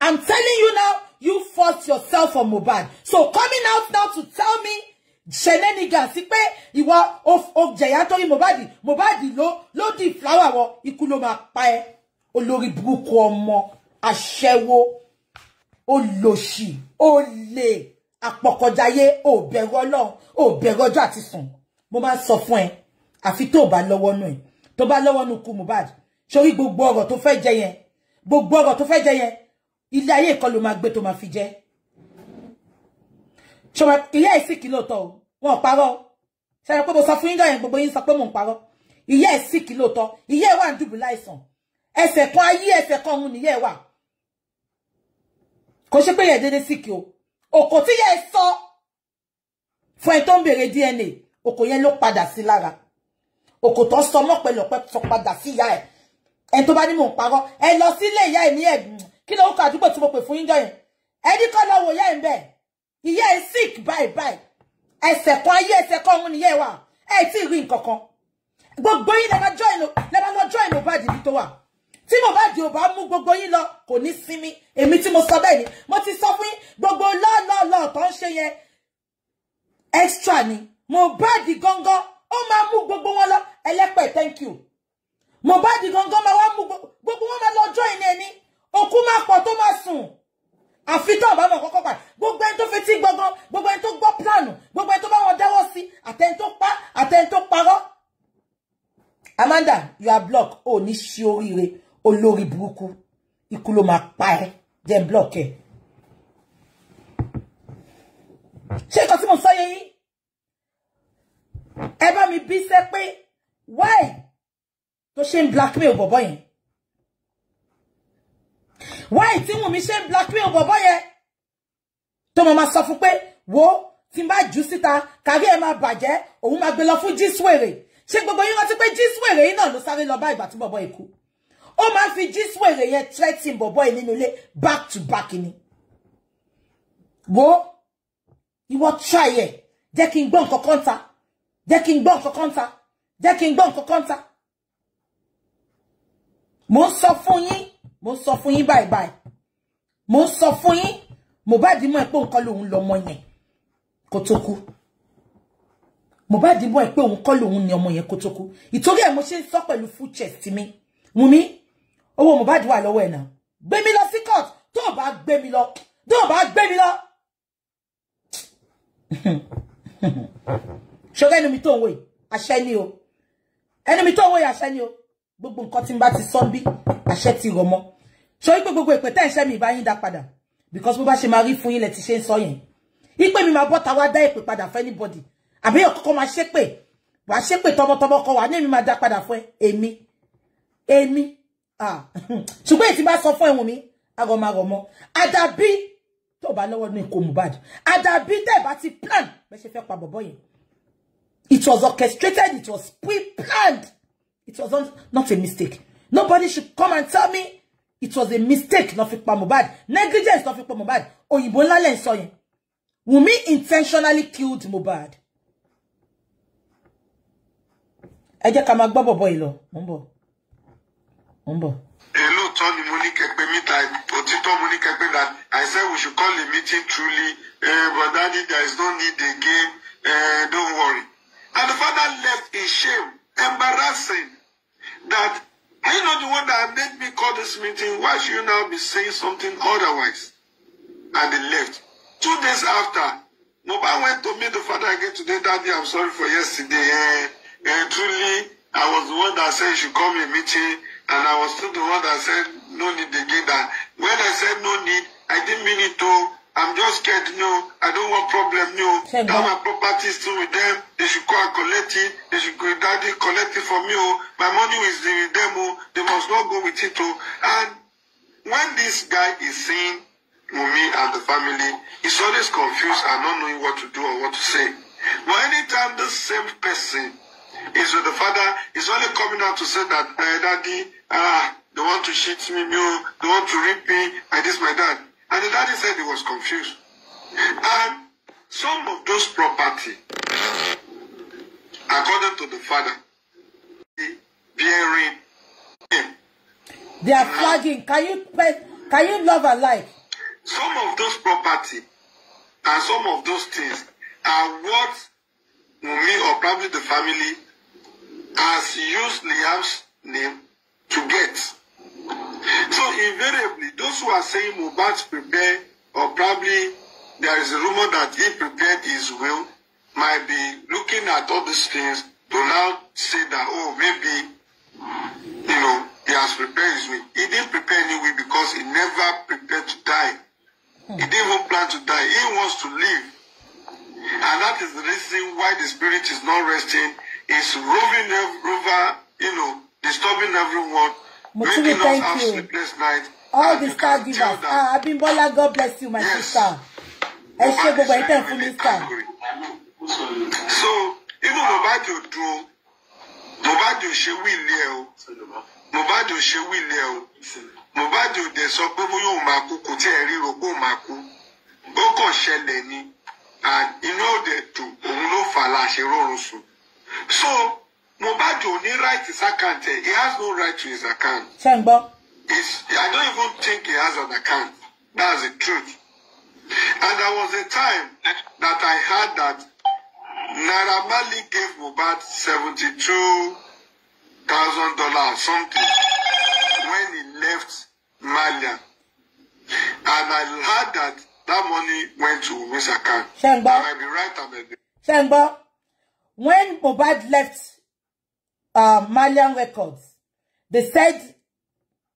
S1: I'm telling you now, you forced yourself on Mubad. So coming out now to tell me, shenanigans, si ìwà of of i Mubadi Mubadi lo, lo di flower wo, ikú ma, máa pa ẹ́, olórí ọmọ, aṣẹ́wó. O bá lọ́wọ́ nù ẹ tó bá lọ́wọ́ nù kú Mohbad sórí gbogbo ọ̀rọ̀ tó fẹ́ jẹ yẹn gbogbo ọ̀rọ̀ tó fẹ́ jẹ yẹn ilé ayé kan ló máa gbé tó máa fi jẹ ṣọmọ ìyá ẹ̀ sì kì lóòótọ́ o wọn parọ́ ṣẹlẹ̀ pé mo sọ fún yín dọ̀yẹn gbogbo yín sọ pé mò ń parọ́ ìyá ẹ̀ sì kì lóòótọ́ ìyá ẹ̀ wà ń dùbù láìsàn ẹsẹ̀ kan lo maa gbe to ma fi je somo iya e si ki loooto o won paro sele pe mo so fun yin doyen gbogbo yin so pe mo paro iya e si ki loooto e wa n dubu laisan ese kan ọ̀run nìyá ẹ̀ wà kò ṣe pé yẹ dédé síkì o òkò tí yẹ sọ fún ẹ tó ń DNA òkò yẹn ló padà sí lára òkò tó sọ lọpẹlọpẹ sọ padà sí ìyá ẹ ẹ tó bá ní mò ń parọ́ ẹ ya ìyá ẹ ní ẹ̀gbọ́n kí ló ń kọ àdúgbò tí mo pè fún yín jọ yẹn ẹ ní kọ́ lọ́wọ́ ìyá ẹ ń bẹ̀ ìyá ẹ sick báyìí báyìí ẹsẹ̀ kan ayé ẹsẹ̀ kan ọ̀run nìyẹn wà ẹ tí ì rí nǹkan kan gbogbo yín lẹ́ẹ̀ma join lẹ́ẹ̀ma join Mohbad ibi tó wà tí Mohbad ò bá mú gbogbo yín lọ kò ní sinmi èmi tí mo sọ ni mo ti sọ fún yín lo lo tó ń ṣe yẹn extra ni di gongo ó ma mú gbogbo wọn lọ ẹlẹ́pẹ̀ thank you di gongo ma wá mú gbogbo wọn máa lọ́jọ́ ìní ẹni òkú máa pọ̀ tó máa sùn àfi tó mọ̀ kọ́kọ́ pa gbogbo ẹni tó fetí gbọ̀ngàn gbogbo ẹni tó gbọ́ pílánù gbogbo ẹni tó bá wọn dáwọ́ sí àtẹni tó pa àtẹni tó parọ́ Amanda you are blocked ò ní ṣe oríire olórí burúkú ikú ló máa pa ẹ́ jẹ́ block ẹ̀. ṣé nǹkan tí mo sọ yín ẹ bá mi bí sẹ́ pé why tó ṣe ń blackmail bọ̀bọ̀ yẹn why tí Wùnmí ṣe ń blackmail bọ̀bọ̀ yẹn tó mo máa sọ fún pé wo tí n bá jù mi se n kárí ẹ so bàjẹ́ òun máa gbé lọ fún jíswèrè ṣé gbogbo yín rántí pé jíswèrè yín náà ló sáré lọ bá ìgbà tí bọ̀bọ̀ yìí kú. Oh my, fi jísù èrè yẹn threatin bọ̀bọ̀ ẹ̀ nínú ilé back to back ni wo ìwọ try ẹ̀ jẹ́ kí n gbọ́ nǹkan kan ta jẹ́ kí n gbọ́ nǹkan kan ta jẹ́ kí n gbọ́ nǹkan kan ta mo ń sọ fún yín mo ń sọ fún yín báyìí báyìí mo ń sọ fún yín Mohbad mọ̀ pé nǹkan lòun lọmọ yẹn kó tó kú Mohbad mọ̀ pé òun kọ́ lòun ni ọmọ yẹn kó tó kú ìtorí ẹ̀ mo ṣe ku mo pe oun ko ni omo yen ko itori e mo se so pelu full chest mi owó Mohbad wà lọ́wọ́ ẹ̀ náà gbé mi lọ sí court tó o bá gbé mi lọ tó o bá gbé mi lọ. ṣọlá ẹnu mi tó ń wòye àṣẹ ni o ẹnu mi tó ń wòye àṣẹ ni o gbogbo nǹkan tí n bá ti sọ bí àṣẹ ti rọ̀ mọ́ ṣọ wípé gbogbo ìpè tẹ́ ẹ̀ mi ìbá yín dá padà because bó bá ṣe máa rí fún yín lẹ ti ṣe ń sọ yẹn ìpè mi máa bọ́ ta wá dá ìpè padà fún anybody àbí ọ̀kọ́kọ́ máa ṣépè wàá ṣépè tọmọtọmọ kọ wà ní èmi máa dá padà fún ẹ èmi èmi Ah, ṣùgbọ́n ètí bá sọ fún ẹ̀wọ̀n mi agọmagọmọ àdàbí tó bá lọ́wọ́ ní ikú Mohbad àdàbí tẹ́ bá ti plan bẹ́ ṣe fẹ́ pa bọ̀bọ̀ yẹn it was orchestrated it was pre-planned it was not a mistake nobody should come and tell me it was a mistake Not for pa negligence not for pa Mohbad òyìnbó ńlá lẹ́ ń sọ intentionally killed Mohbad ẹ jẹ́ ká máa bọ̀bọ̀ yìí lọ mò ó ń bọ̀. lóòótọ́ ni mo ní kẹgbẹ́ mítà òtítọ́ mo ní kẹgbẹ́ that I said we should call the
S5: meeting truly uh, but daddy there is no need again uh, don't worry and the father left in shame embarrassing that are you not the one that made me call this meeting why should you now be saying something otherwise and he left two days after Mohbad went to meet the father again today daddy I'm sorry for yesterday uh, uh, truly I was the one that said you should call a meeting. And I was still the one that said no need again. That when I said no need, I didn't mean it to. I'm just scared, no. I don't want problem, no. Now my property is still with them. They should go and collect it. They should go, daddy, collect it from oh. you. My money is with them, oh. They must not go with it, too. Oh. And when this guy is seeing Mumi and the family, he's always confused and not knowing what to do or what to say. But anytime the same person is with the father, he's only coming out to say that, eh, daddy, ah, they want to cheat me, no, oh. they want to rip me, by this, my dad. And the daddy said he was confused. And some of those property, according to the father, bearing him. They are flagging. Can you can you love a life? Some of those property and some of those things are what me or probably the family has used Liam's name to get. So invariably, those who are saying Mubarak prepared, or probably there is a rumor that he prepared his will, might be looking at all these things to now say that, oh, maybe, you know, he has prepared his will. He didn't prepare any will because he never prepared to die. He didn't even plan to die. He wants to live. And that is the reason why the spirit is not resting. It's roving over, you know, disturbing everyone, Motumi, making thank us have you. sleepless nights.
S1: All the star givers. Ah, Abimbola, God bless you, my yes. sister. Ẹ ṣé gbogbo ẹ̀ tẹ̀ fún mi
S5: So, even Mohbad ò dúró, Mohbad ò ṣe wíìlì ẹ̀ o, Mohbad ò ṣe wíìlì ẹ̀ o, Mohbad ò dẹ̀ sọ pé bóyá òun máa kú kò tí ẹ̀ and inú ò dẹ̀ dùn, òun ló fà á So, Mohbad ò ní right his account ẹ̀ he has no right to his account. ṣé ń gbọ́. I don't even think he has an account that's the truth and there was a time that I heard that Naira Marley gave Mohbad seventy-two thousand dollars something when he left Malia, and I heard that that money went to Wumi's account.
S1: ṣé ń gbọ́. I might gbọ́ when Mohbad left uh, Malian records. They said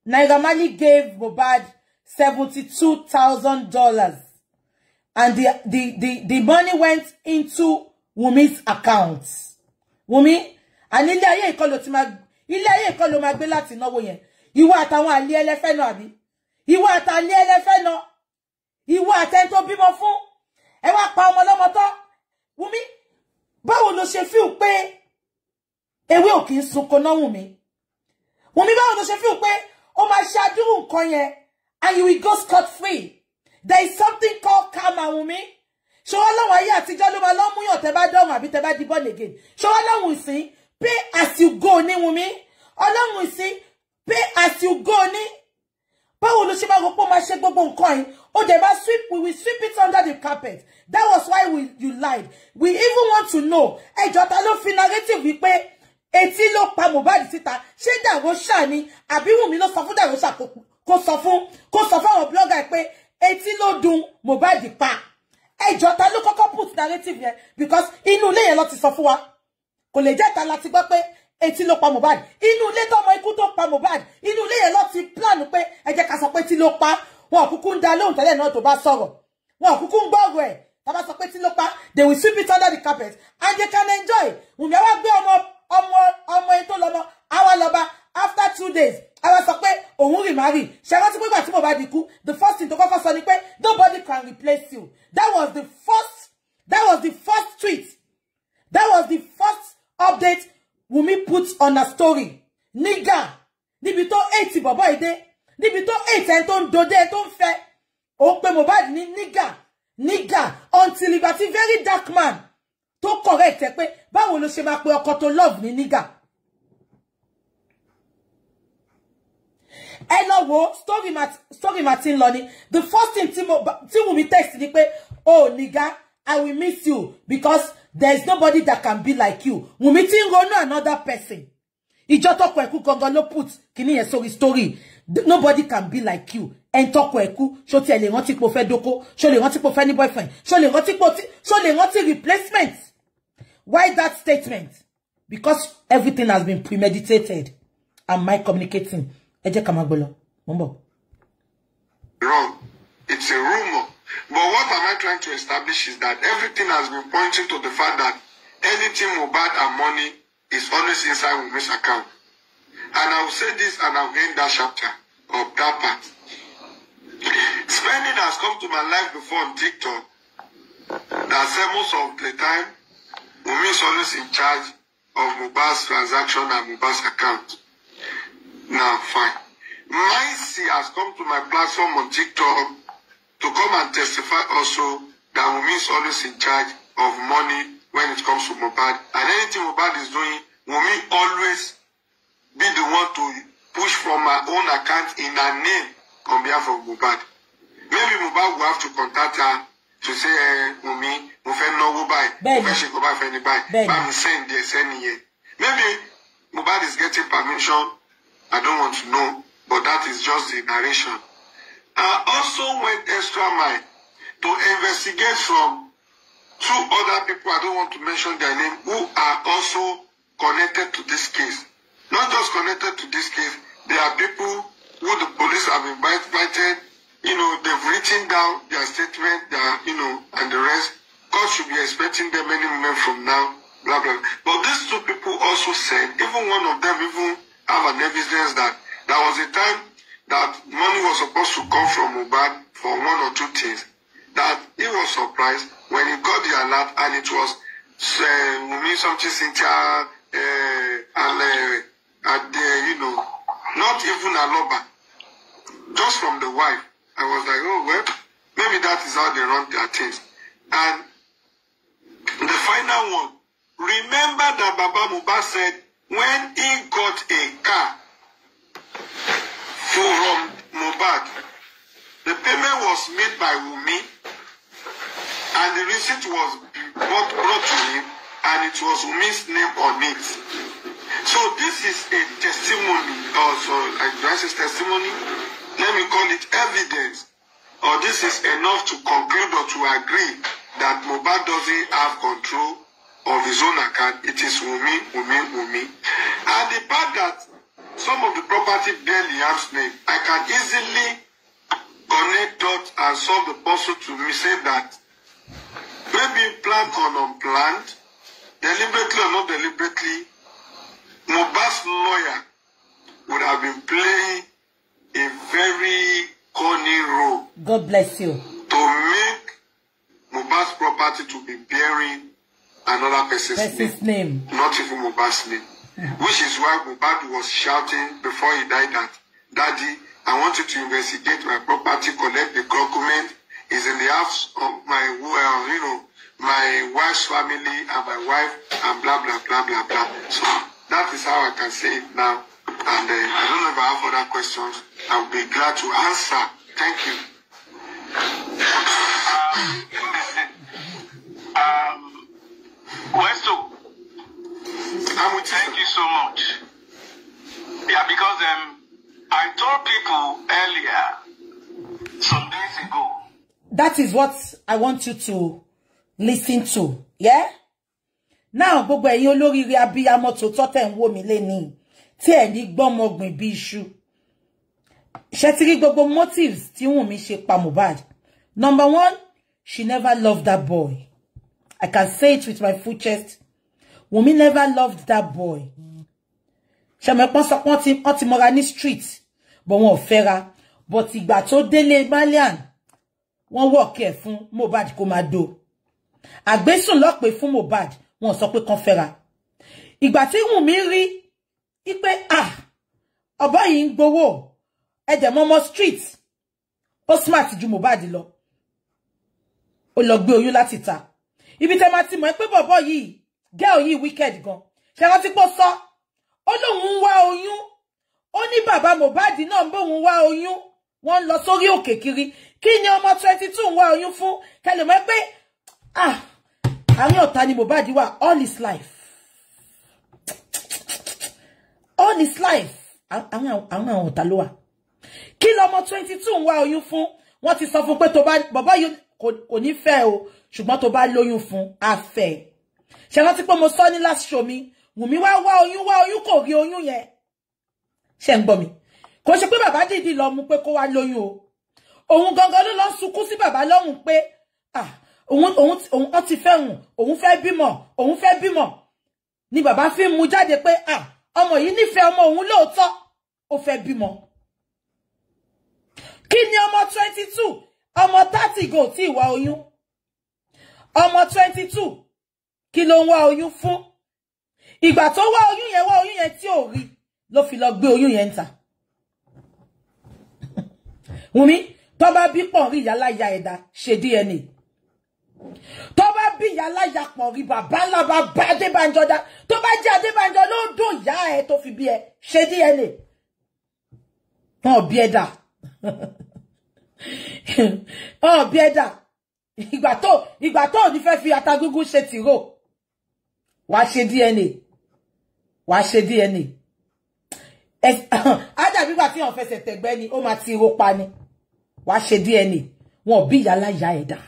S1: Naira gave Bobad seventy-two thousand dollars, and the, the the the money went into Wumi's account. Wumi, and ilé ayé ìkọlù ti máa ilé ayé ìkọlù máa gbé láti náwó yẹn. Ìwọ àtàwọn àlè ẹlẹ́fẹ́ náà àbí? Ìwọ àtàlè ẹlẹ́fẹ́ náà? Ìwọ àtẹni tó bímọ fún? Ẹ wá pa ọmọ lọ́mọ tán. Wumi, báwo ló ṣe fíù pé ewé ò kì í sunkún náà Wùnmí Wùnmí báwo ló ṣe feel pé ó máa ṣe adúrú nǹkan yẹn and you will go scot free there is something called karma Wùnmí ṣé wọn lọ́wọ́ ayé àtijọ́ ló máa lọ́ múyàn tẹ́ bá dọ̀rùn àbí tẹ́ bá di born again ṣé wọn lọ́wọ́ pay as you go ní Wùnmí ọlọ́run ìsín pay as you go ní báwo ló ṣe máa gbogbo máa ṣe gbogbo nǹkan yìí ó dẹ̀ sweep we will sweep it under the carpet that was why we, you lied we even want to know Hey, jota ló fi we pay. etí ló pa Mohbad síta ṣé Dàrósà ni àbí Wùnmí ló sọ fún Dàrósà kó sọ fún kó sọ fún àwọn blogger pé etí ló dùn Mohbad pa ẹjọ́ ta ló kọ́kọ́ put narrative yẹn because inú ilé yẹn ló ti sọ fún wa kò lè jẹ́ ta la ti gbọ́ pé etí ló pa Mohbad inú ilé tọmọ ikú tó pa Mohbad inú ilé yẹn ló ti plan pé ẹ jẹ́ ká sọ pé etí ló pa wọn kúkú ń dá lóhùn tẹ́lẹ̀ náà tó bá sọ̀rọ̀ wọn kúkú ń gbọ́rọ̀ ẹ̀ tá bá sọ pé etí pa they will sweep it under the carpet and they can enjoy Wùnmí wá gbé ọmọ ọmọ ọmọ tó lọ́mọ àwa after two days àwa sọ pé òun rì má she ṣèrántí pé ìgbà tí mo bá di kú the first thing tó kọ́kọ́ sọ ni pé nobody can replace you that was the first that was the first tweet that was the first update Wumi put on a story nígà níbi tó eight bọ̀bọ̀ èdè níbi tó eight ẹni tó ń dodé ẹni tó fẹ́ òun pé Mohbad ní Nigger. Nigger. until got a very dark man tó correct ẹ pé báwo ló ṣe máa pe ọkọ tó love ní nígà ẹ lọ wo story Martin, story Martin lọ ni the first thing tí mo tí Wunmi text ni pé oh nígà I will miss you because there is nobody that can be like you Wunmi ti go ronú another person ìjọ tọkọ ẹkú gangan ló put kíní yẹn sórí story nobody can be like you ẹn tọkọ ẹkú ṣó tiẹ̀ lè rántí pé o fẹ́ dóko ṣó lè rántí pé o boyfriend ṣó lè rántí pé o ti ṣó lè rántí replacement. Why that statement? Because everything has been premeditated. Am my communicating? eje jẹ́ ká Wrong.
S5: It's a rumor. But what am I trying to establish is that everything has been pointing to the fact that anything Mohbad and money is always inside Wumi's account. And I will say this and I'll end that chapter of that part. Spending has come to my life before on TikTok that said most of the time Wunmi is always in charge of Mohbad's transaction and Mohbad's account. Now, fine. Mysi has come to my platform on TikTok to come and testify also that Wunmi is always in charge of money when it comes to Mohbad. And anything Mohbad is doing, Wunmi always be the one to push from my own account in her name on behalf of Mohbad. Maybe Mohbad will have to contact her tó ṣe ẹ Wùmí mo fẹ́ náwó báyìí mo fẹ́ ṣe kó bá fẹ́ ní báyìí bá mi send ẹ sẹ́ni yẹn maybe Mohbad is getting permission I don't want to know but that is just the narration I also went extra mile to investigate from two other people I don't want to mention their name who are also connected to this case not just connected to this case there are people who the police have invited you know, they've written down their statement that, you know, and the rest. God should be expecting them any moment from now, blah, blah. But these two people also said, even one of them even have an evidence that there was a time that money was supposed to come from Mubad for one or two things. That he was surprised when he got the alert and it was say uh, eh, something Cynthia uh, and, uh, and uh, you know, not even a lover, just from the wife. I was like, oh, well, maybe that is how they run their things. And the final one, remember that Baba Muba said when he got a car from Mubad, the payment was made by Wumi and the receipt was brought, brought to him and it was Wumi's name on it. So this is a testimony, also, like Joyce's testimony let me call it evidence, or this is enough to conclude or to agree that Mohbad doesn't have control of his own account. It is Wunmi, Wunmi, Wunmi. And the fact that some of the property bear Liam's name, I can easily connect dots and solve the puzzle to me say that maybe planned on unplanned, deliberately or not deliberately, Mohbad's lawyer would have been playing a very cunning role.
S1: God bless you.
S5: To make Mubas' property to be bearing another person's That's name. name. Not even Mubas' name. Which is why Mohbad was shouting before he died that, Daddy, I want you to investigate my property, collect the document. It's in the house of my, well, you know, my wife's family and my wife and blah, blah, blah, blah, blah. So that is how I can say it now. And uh, I don't know if I have other questions. I would be glad to answer. Thank you. Um, um, Westo, I'm with thank you so much. Yeah, because um, I told people earlier, some days ago.
S1: That is what I want you to listen to. Yeah? Now, gbogbo ẹ̀yin olóríire abiyamọ tòótọ́ tẹ́ ń wò mí lénìí tí ẹ̀ ní gbọ́mọgbìn bí iṣu ṣe ti rí gbogbo motives tí mi ṣe pa Mohbad number one she never loved that boy I can say it with my full chest Wunmi never loved that boy ṣàmẹ́pọ́n sọ pé wọ́n ti mọ́ra ní street but wọn ò fẹ́ra but ìgbà tó délé malian wọ́n wọ̀ọ̀kẹ́ fún Mohbad kó máa do àgbésùn lọ́pẹ́ fún Mohbad wọn sọ pé kán fẹ́ra ìgbà tí Wunmi rí ipe ah ọ̀bọ yìí ń gbowó ẹ̀dẹ̀ mọ́mọ́ street ó smart ju Mohbad lo, ó lọ gbé oyún láti ta ibi tẹ́ máa ti mọ̀ pé bọ̀bọ̀ yìí girl yìí wicked gan ṣe rántí pé ó sọ ó lóun ń wá oyún ó ní bàbá Mohbad náà ń bóun wá oyún wọ́n ń lọ sórí òkè kiri kí ni ọmọ twenty two ń wá oyún fún kẹlẹ̀ ah ani ọ̀tá ni Mohbad wà all his life all his life I ọ̀tá ló wà kí lọmọ twenty two ń wá oyún What is ti sọ tó buy, bàbá you kò fail. Should not ṣùgbọ́n tó bá lóyún fún àfẹ́ Shall not pé mo sọ ní last show mi Wùmí wá wá oyún wá oyún kò rí oyún yẹn ṣe ń gbọ́ mi kò ṣe pé bàbá dìdí lọ mú pé kó wá lóyún o òun gangan ló lọ sunkún sí bàbá lọ́hùn pé ah òun òun òun ó ti fẹ́ hùn òun fẹ́ bímọ òun fẹ́ bímọ ni bàbá fi mú jáde pé ah ọmọ yìí nífẹ̀ẹ́ ọmọ òun lóòótọ́ ó fẹ́ bímọ kí ni ọmọ twenty two ọmọ thirty go tí ìwà oyún ọmọ twenty two kí ló ń wá oyún fún ìgbà tó wá oyún yẹn wá oyún yẹn tí ò rí ló fi lọ gbé oyún yẹn ta Wùnmí tó bá bí pọ̀ rí ìyá láyà ẹ̀dá ṣe DNA tó bí ìyá aláyàpọ̀ rí bàbá ba bàbá Adébánjọ dá tó bá jẹ́ Adébánjọ ló dùn ìyá ẹ tó fi bí ẹ ṣe DNA wọn ò bí ẹ dà wọn ò bí ẹ dà ìgbà tó ìgbà tó ní fẹ́ fi atagúngún ṣe tìró wàá ṣe DNA wàá ṣe DNA ádàbí gbà tí wọn fẹsẹ̀ tẹ̀gbẹ́ ni ó máa ti ro pa ni wàá ṣe DNA wọn ò bí ìyá ya ẹ̀ dà.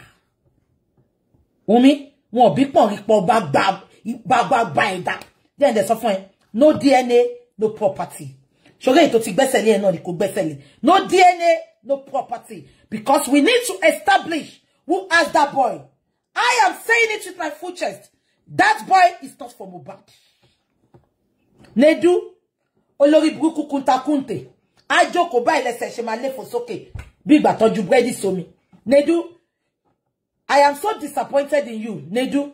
S1: Wumi, wọ́n bí pon ri po ba ba ba ba ba ida. Then they sọ fún no DNA, no property. Ṣọ̀rẹ́ tó ti gbẹ́sẹ̀ lé ẹ náà ni kò gbẹ́sẹ̀ lé. No DNA, no property because we need to establish who has that boy. I am saying it with my full chest. That boy is not from Mohbad. Nedu olórí burúkú kuntakunte. Ajoko báyìí lẹ́sẹ̀ ṣe máa léfò sókè bí ìgbà tọ́jú di sómi. Nedu I am so disappointed in you, Nedu.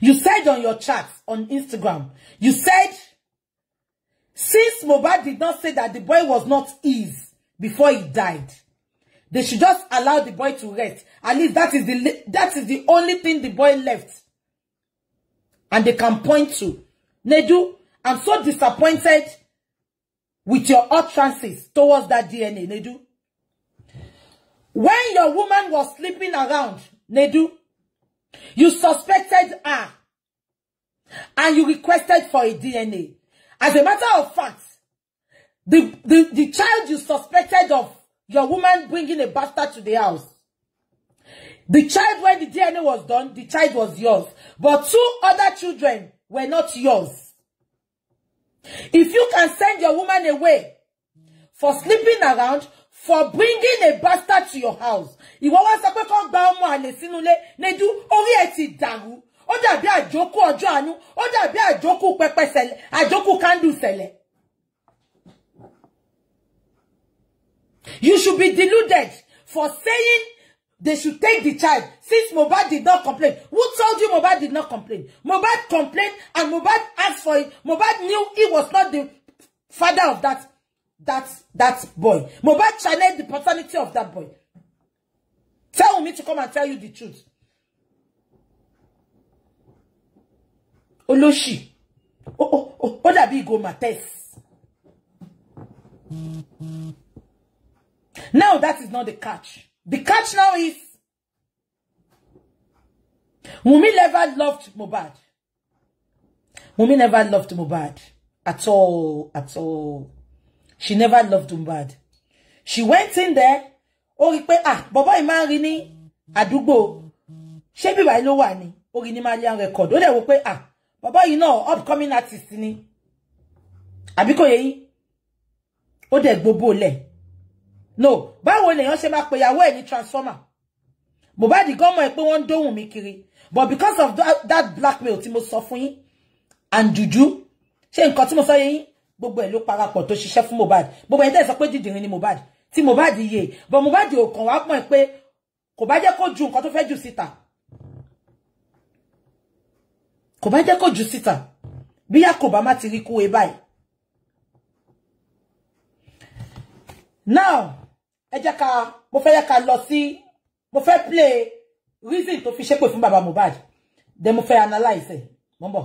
S1: You said on your chat on Instagram, you said, since Mobad did not say that the boy was not his before he died, they should just allow the boy to rest. At least that is the that is the only thing the boy left. And they can point to. Nedu, I'm so disappointed with your utterances towards that DNA, Nedu. When your woman was sleeping around, Nedu, you suspected her and you requested for a DNA. As a matter of fact, the, the, the child you suspected of your woman bringing a bastard to the house, the child, when the DNA was done, the child was yours. But two other children were not yours. If you can send your woman away for sleeping around, for bringing a bastard to your house ìwọ wá sọ pé kán gba ọmọ àlè sínú ilé níjú orí ẹ ti dàrú ó dàbí àjókù ọjọ́ àánú ó dàbí àjókù pẹpẹ sẹlẹ àjókù kándù sẹlẹ. You should be deluded for saying they should take the child since Mohbad did not complain. Who told you Mohbad did not complain? Mohbad complained and Mohbad asked for it. Mohbad knew he was not the father of that that that boy. Mohbad channeled the paternity of that boy. Tell me to come and tell you the truth. Oloshi, Oh, oh, oh, what oh, ó dàbí Ìgò Martez. Now that is not the catch. The catch now is Mumi never loved Mubad. Mumi never loved Mubad at all, at all. She never loved bad. She went in there. Oh, rí pé ah bàbá yìí máa ń rí ní àdúgbò. Ṣé bí báyìí ló wà ní. ní record. Oh, dẹ̀ wò pé ah bàbá you know, upcoming artist ni. Àbí kò yé Oh, Ó Bobo lẹ̀. No, báwo lèèyàn ṣe máa pe ìyàwó ẹ̀ ní transformer. Mohbad gan mọ̀ ẹ́ pé wọ́n do dóhùn mi But because of that, that blackmail tí mo yín and juju ṣé nǹkan tí mo sọ yé yín gbogbo ẹ̀ ló parapọ̀ tó ṣiṣẹ́ fún Mohbad gbogbo ẹ̀ tẹ́ sọ pé dìdìrín ni Mohbad tí Mohbad yè but Mohbad ò kàn wá pọ̀ ẹ̀ pé kò bá jẹ́ kó ju nǹkan tó fẹ́ jù síta kò bá jẹ́ kó jù síta bí yá kò bá má ti rí kú e báyìí. now ẹ jẹ́ ká mo fẹ́ ya ká lọ sí mo fẹ́ play reason tó fi ṣépè fún baba Mohbad then mo fẹ́ analyse ẹ̀ mọ́ bọ̀.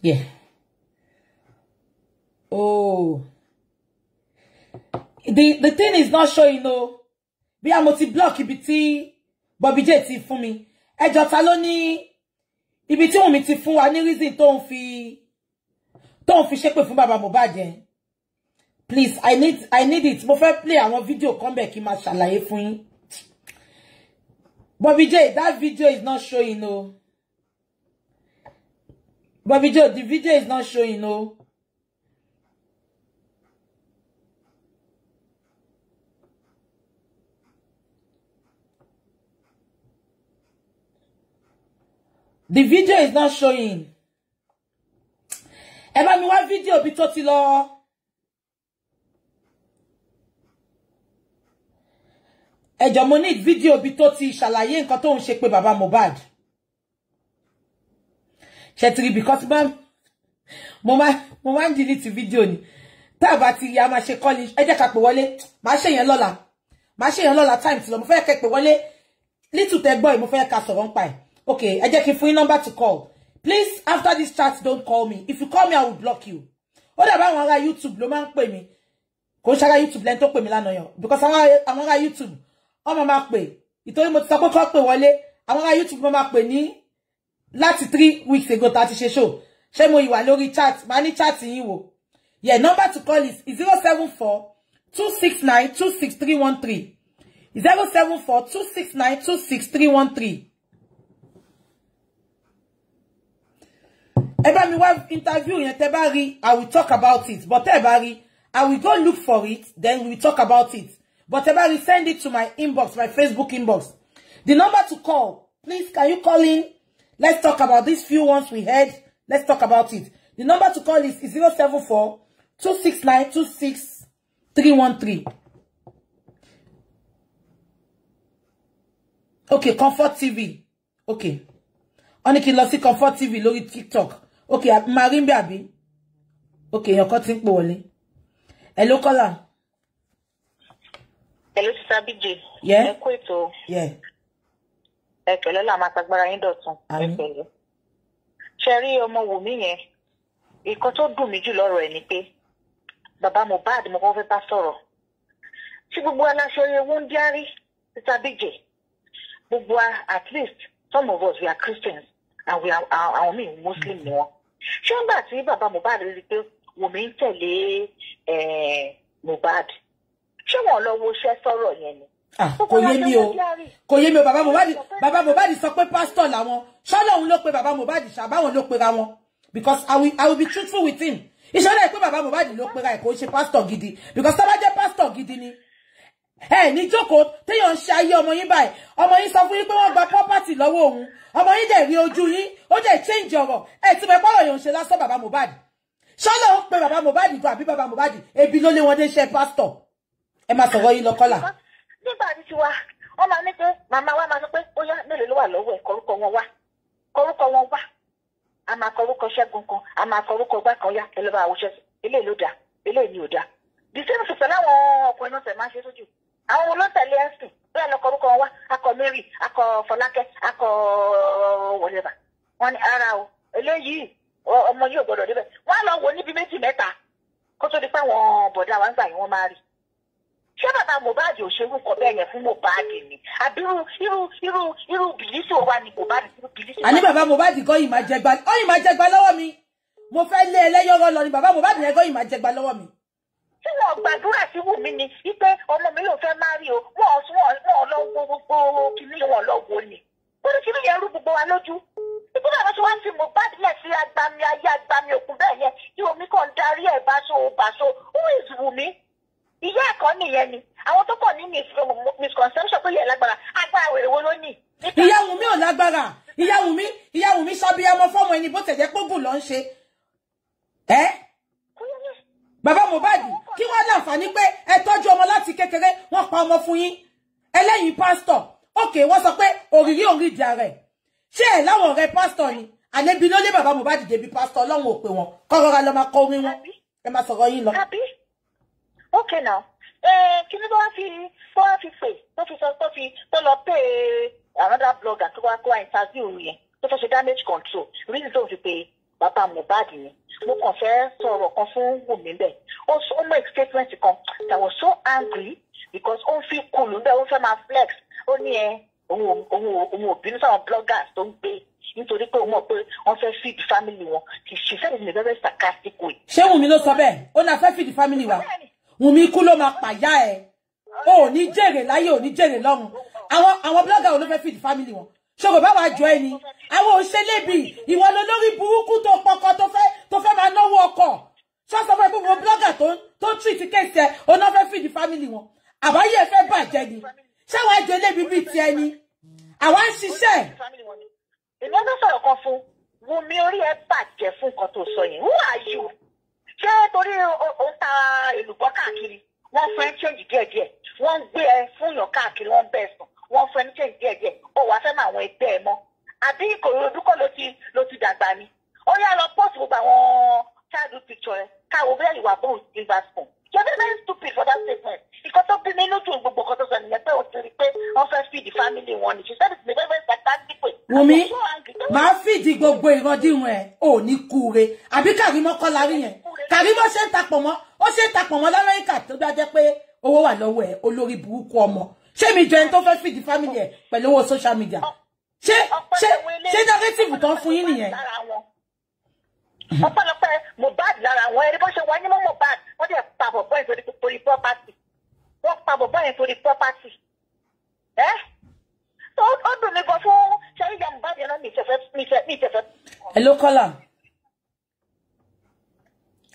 S1: Yeah. Oh. The the thing is not showing no. Be a multi block ibi tí Bobby J ti fún mi. Ẹjọ́ ta ló ní ibi tí Wunmi ti fún wa ní reason tó ń fi tó ń fi ṣépè fún Please, I need I need it. Before fẹ́ play our video come back. kí ma ṣàlàyé fún yín. Bobby J, that video is not showing no. But video, the video is not showing, no. The video is not showing. Ẹ bá mi video bí tó ti lọ. video bí tó ti ṣàlàyé nǹkan tó ń ṣe pé bàbá Mohbad. ṣe ti rí because bá mo máa mo máa ń delete fídíò ni tá a bá ti yá máa ṣe kọ́lí ẹ jẹ́ ká pè wọlé máa ṣe yẹn lọ́la máa ṣe yẹn lọ́la time ti lọ mo fẹ́ kẹ́ pè wọlé little tẹ gbọ́ yìí mo fẹ́ ká sọ̀rọ̀ ń pa ẹ̀ ok ẹ jẹ́ kí n fún ki n fun number to call please after this chat don't call me if you call me I will block you ó dàbí àwọn ará YouTube ló máa ń pè mí kò ń ṣe ará YouTube lẹ́ni tó pè mí lánàá yàn because àwọn ará YouTube ọmọ máa pè ìtorí mo ti sọ pé kọ́ pè wọlé àwọn ará YouTube máa pè ní láti three weeks ago that is a ti ṣe show ṣé mo ìwà lórí chat máa chat you. wò yeah number to call is zero seven four two six nine two six three one three zero seven four two six nine two six three one three. ẹ bá mi interview yẹn i will talk about it but tẹ́ i will go look for it then we will talk about it but tẹ́ send it to my inbox my Facebook inbox the number to call please can you call in Let's talk about these few ones we had. Let's talk about it. The number to call is 074 269 26313. Okay, Comfort TV. Okay. Oniki Comfort TV lórí TikTok. Okay, Marine Baby. Okay, your cutting wọlé. Hello caller.
S2: Hello Sister BJ. Yeah. Yeah. ẹ pẹ̀lẹ́ là máa tagbára yín dọ̀tun ẹ pẹ̀lẹ́ ṣe rí ọmọ Wùmí yẹn nǹkan tó dùn mí jù lọ́rọ̀ ẹ̀ ni pé bàbá Mohbad mo kọ́ fẹ́ bá sọ̀rọ̀ tí gbogbo aláṣọ yẹn wọ́n ń diárí títa bíjẹ̀ gbogbo at least some of us we are Christians and we are àwọn míì Muslim ni wọn ṣé nígbà tí bàbá Mohbad rí i pé Wùmí ń tẹ̀lé eh, Mohbad ṣé wọn lọ wo iṣẹ́ sọ̀rọ̀ yẹn ni ah kò yé mi o kò yé mi o bàbá Mohbad
S1: bàbá Mohbad sọ pé pastor làwọn ṣọlọ òun ló pe bàbá Mohbad ṣàbáwọn ló pera wọn because i will i will be truthful with him ìṣọlẹ pé bàbá Mohbad ló pera ẹ kò ṣe pastor gidi because tó jẹ́ pastor gidi ni ẹ ní jókòó téèyàn ń ṣe ayé ọmọ yín báyìí ọmọ yín sọ fún yín pé wọ́n gba property lọ́wọ́ òun ọmọ yín dẹ̀ rí ojú yín ó dẹ̀ change ọ̀rọ̀ ẹ ti bẹ pọrọ yòó ṣe lásán bàbá Mohbad ṣọlọ ń pe bàbá Mohbad gan àbí bàbá Mohbad ebi ló lé wọn dé ṣe pastor ẹ máa sọ̀rọ̀ yín
S2: lọ kọlà nígbà tí tiwa wọ́n máa ní pé màmá wa máa sọ pé ó yá mélòó ló wà lọ́wọ́ ẹ̀ kọ́rúkọ wọn wá kọ́rúkọ wọn wá a máa kọ́rúkọ ṣẹ́gun kan a máa kọ́rúkọ gbá kan yá ẹ lọ bá àwòṣe eléyìí ló dáa eléyìí ni ò dáa the same thing pẹ̀lú àwọn ọkùnrin náà tẹ̀ máa ń ṣe sójú àwọn olóńtẹ̀lé ẹ̀sìn bẹ́ẹ̀ lọ kọ́rúkọ wọn wá akọ Mary akọ Fọlákẹ́ akọ wọlébà wọn ni ara o eléyìí ọmọ yìí ò gbọdọ̀ débẹ̀ wọn á lọ wò níbi méjì mẹ́ta kó tó di pé àwọn bọ̀dá wa ń gbà yín wọ́n máa rí ṣé bàbá Mohbad ò ṣerú kọ bẹ́ẹ̀ yẹn fún Mohbad ni àbí irú irú irú irú bìlísì wa ni Mohbad irú bìlísì. àní bàbá Mohbad kọ́ yìí jẹgba ọ́ yìí jẹgba lọ́wọ́ mi mo fẹ́ lé ẹlẹ́yọ̀rọ̀ lọ ni bàbá Mohbad yẹn kọ́ yìí jẹgba lọ́wọ́ mi tí wọn gbàdúrà sí Wùmí ni wípé ọmọ mi ló fẹ́ má rí o wọn wọn lọ gbogbo kìíní wọn lọ wo ni oríṣiríṣi yẹn rú gbogbo wa lójú ibi náà lọ́sọ̀ wá sí Mohbad lẹ̀ sí agbami ayé agbami òkun bẹ́ẹ̀ yẹn tí omi kan darí ẹ̀ bá so bá so who is Wùmí ìyá ẹ̀kọ́ nìyẹn ni àwọn tó pọ̀ ní misconception tó yẹ lágbára agbára wèrè wo ló ní. ìyá Wùmí ò lágbára
S1: ìyá Wùmí ìyá Wùmí sábíyámọ fọmọ ẹni bó tẹ̀jẹ́ pógùn ló ń ṣe. ẹ bàbá Mohbad kí wọ́n láǹfààní pé ẹ tọ́jú ọmọ láti kékeré wọ́n pa ọmọ fún yín ẹlẹ́yìn pásítọ̀ òkè wọ́n sọ pé òrìrí òrìdì ara ẹ̀ ṣé ẹ̀ láwọn ọ̀rẹ́ pásítọ̀ ni àlebi ló lé bàbá Mohbad débi pásítọ̀ ọlọ́run ò pè wọ́n kọ́ rọra
S2: máa kọ orin wọn ẹ máa sọ̀rọ̀ yín lọ okay now eh, kí ni wọ́n fi wọ́n fi pè tó fi sọ tó fi tó lọ pè another blogger tó wá kó interview yẹn tó fẹ́ ṣe damage control reason tó fi pè bàbá Mohbad ni mo kàn fẹ́ sọ̀rọ̀ kan fún Wùmí bẹ́ẹ̀ ó ó mọ statement kan that was so angry because ó ń fi kùlù bẹ́ẹ̀ ó fẹ́ máa flex ó ní ẹ òun òun òbínú sáwọn bloggers tó ń gbé nítorí pé òun mọ̀ pé wọ́n fẹ́ feed family wọn she said it in a very sarcastic
S1: way. ṣé Wùmí ló sọ bẹ́ẹ̀ ó náà fẹ́ feed family wa. Wùmí ikú ló máa pàyà ẹ̀ o ò ní jèrè láyé ò ní jèrè lọ́run àwọn àwọn blogger ò ló fẹ́ feed family wọn ṣòro bá wàá jọ ẹni àwọn òṣèlébi ìwọ lolórí burúkú tó pọkọ tó fẹ́ tó fẹ́ máa náwó ọkọ̀ ṣọ́sọ fún gbogbo blogger tó tó treat case ẹ̀ ò náà fẹ́ feed family wọn
S2: àbáyé ẹ fẹ́ bàjẹ́ ni ṣé wàá jẹ lébi bíi ti ẹni
S1: àwa ń ṣiṣẹ́.
S2: ìnáwó sọ̀rọ̀ kan fún Wùmí orí ẹ bàjẹ́ fún nǹkan tó sọ yẹn who are you? ṣé torí o ń ta èlùbọ́ káàkiri wọ́n fẹ́ change díẹ̀díẹ̀ wọ́n ń gbé ẹ fún yàn káàkiri wọ́n ń bẹ̀ sùn wọ́n fẹ́ ní change díẹ̀díẹ̀ ó wàá fẹ́ mọ àwọn ẹgbẹ́ ẹ mọ́ àbí Ìkòròdú kọ́ ló ti ló ti dàgbà ni ó yá lọ post gbogbo àwọn childhood picture ẹ káwọ bẹ́ẹ̀ ìwà bóun ti gbà sùn you are very stupid for that statement ìkan tó bí mi lójú gbogbo kan tó sọ nìyẹn pé o ti rí i pé wọ́n fẹ́ feed family wọn ni she said it in a very very sarcastic way.
S1: wùmí máa fìdí gbogbo ìrọ̀dí wọn ẹ̀ ò ní kúure àbí kàrímọ́ kọ́ la rí yẹn kàrímọ́ ṣe ń tapọ̀ mọ́ ó ṣe ń tapọ̀ mọ́ l'Amẹ́ríkà tó bá jẹ́ pé owó wà lọ́wọ́ ẹ̀ olórí burúkú ọmọ ṣé mi jọ ẹni tó fẹ́ fìdí family ẹ̀ pẹ̀lú owó social media ṣé ṣé ṣé narrative tán fún yín nìyẹn.
S2: Mm-hmm. ọpẹ́lọpẹ́ Mohbad lára àwọn ẹni bó ṣe wá ní mọ́ Mohbad wọ́n dẹ̀ pa bọ̀bọ́ yẹn torí property wọ́n pa bọ̀bọ́ yẹn torí property ẹ́ ó dùn mí gan fún ṣẹ́yí ìyá Mohbad yẹn náà mi ìtẹ̀fẹ́.
S1: hello caller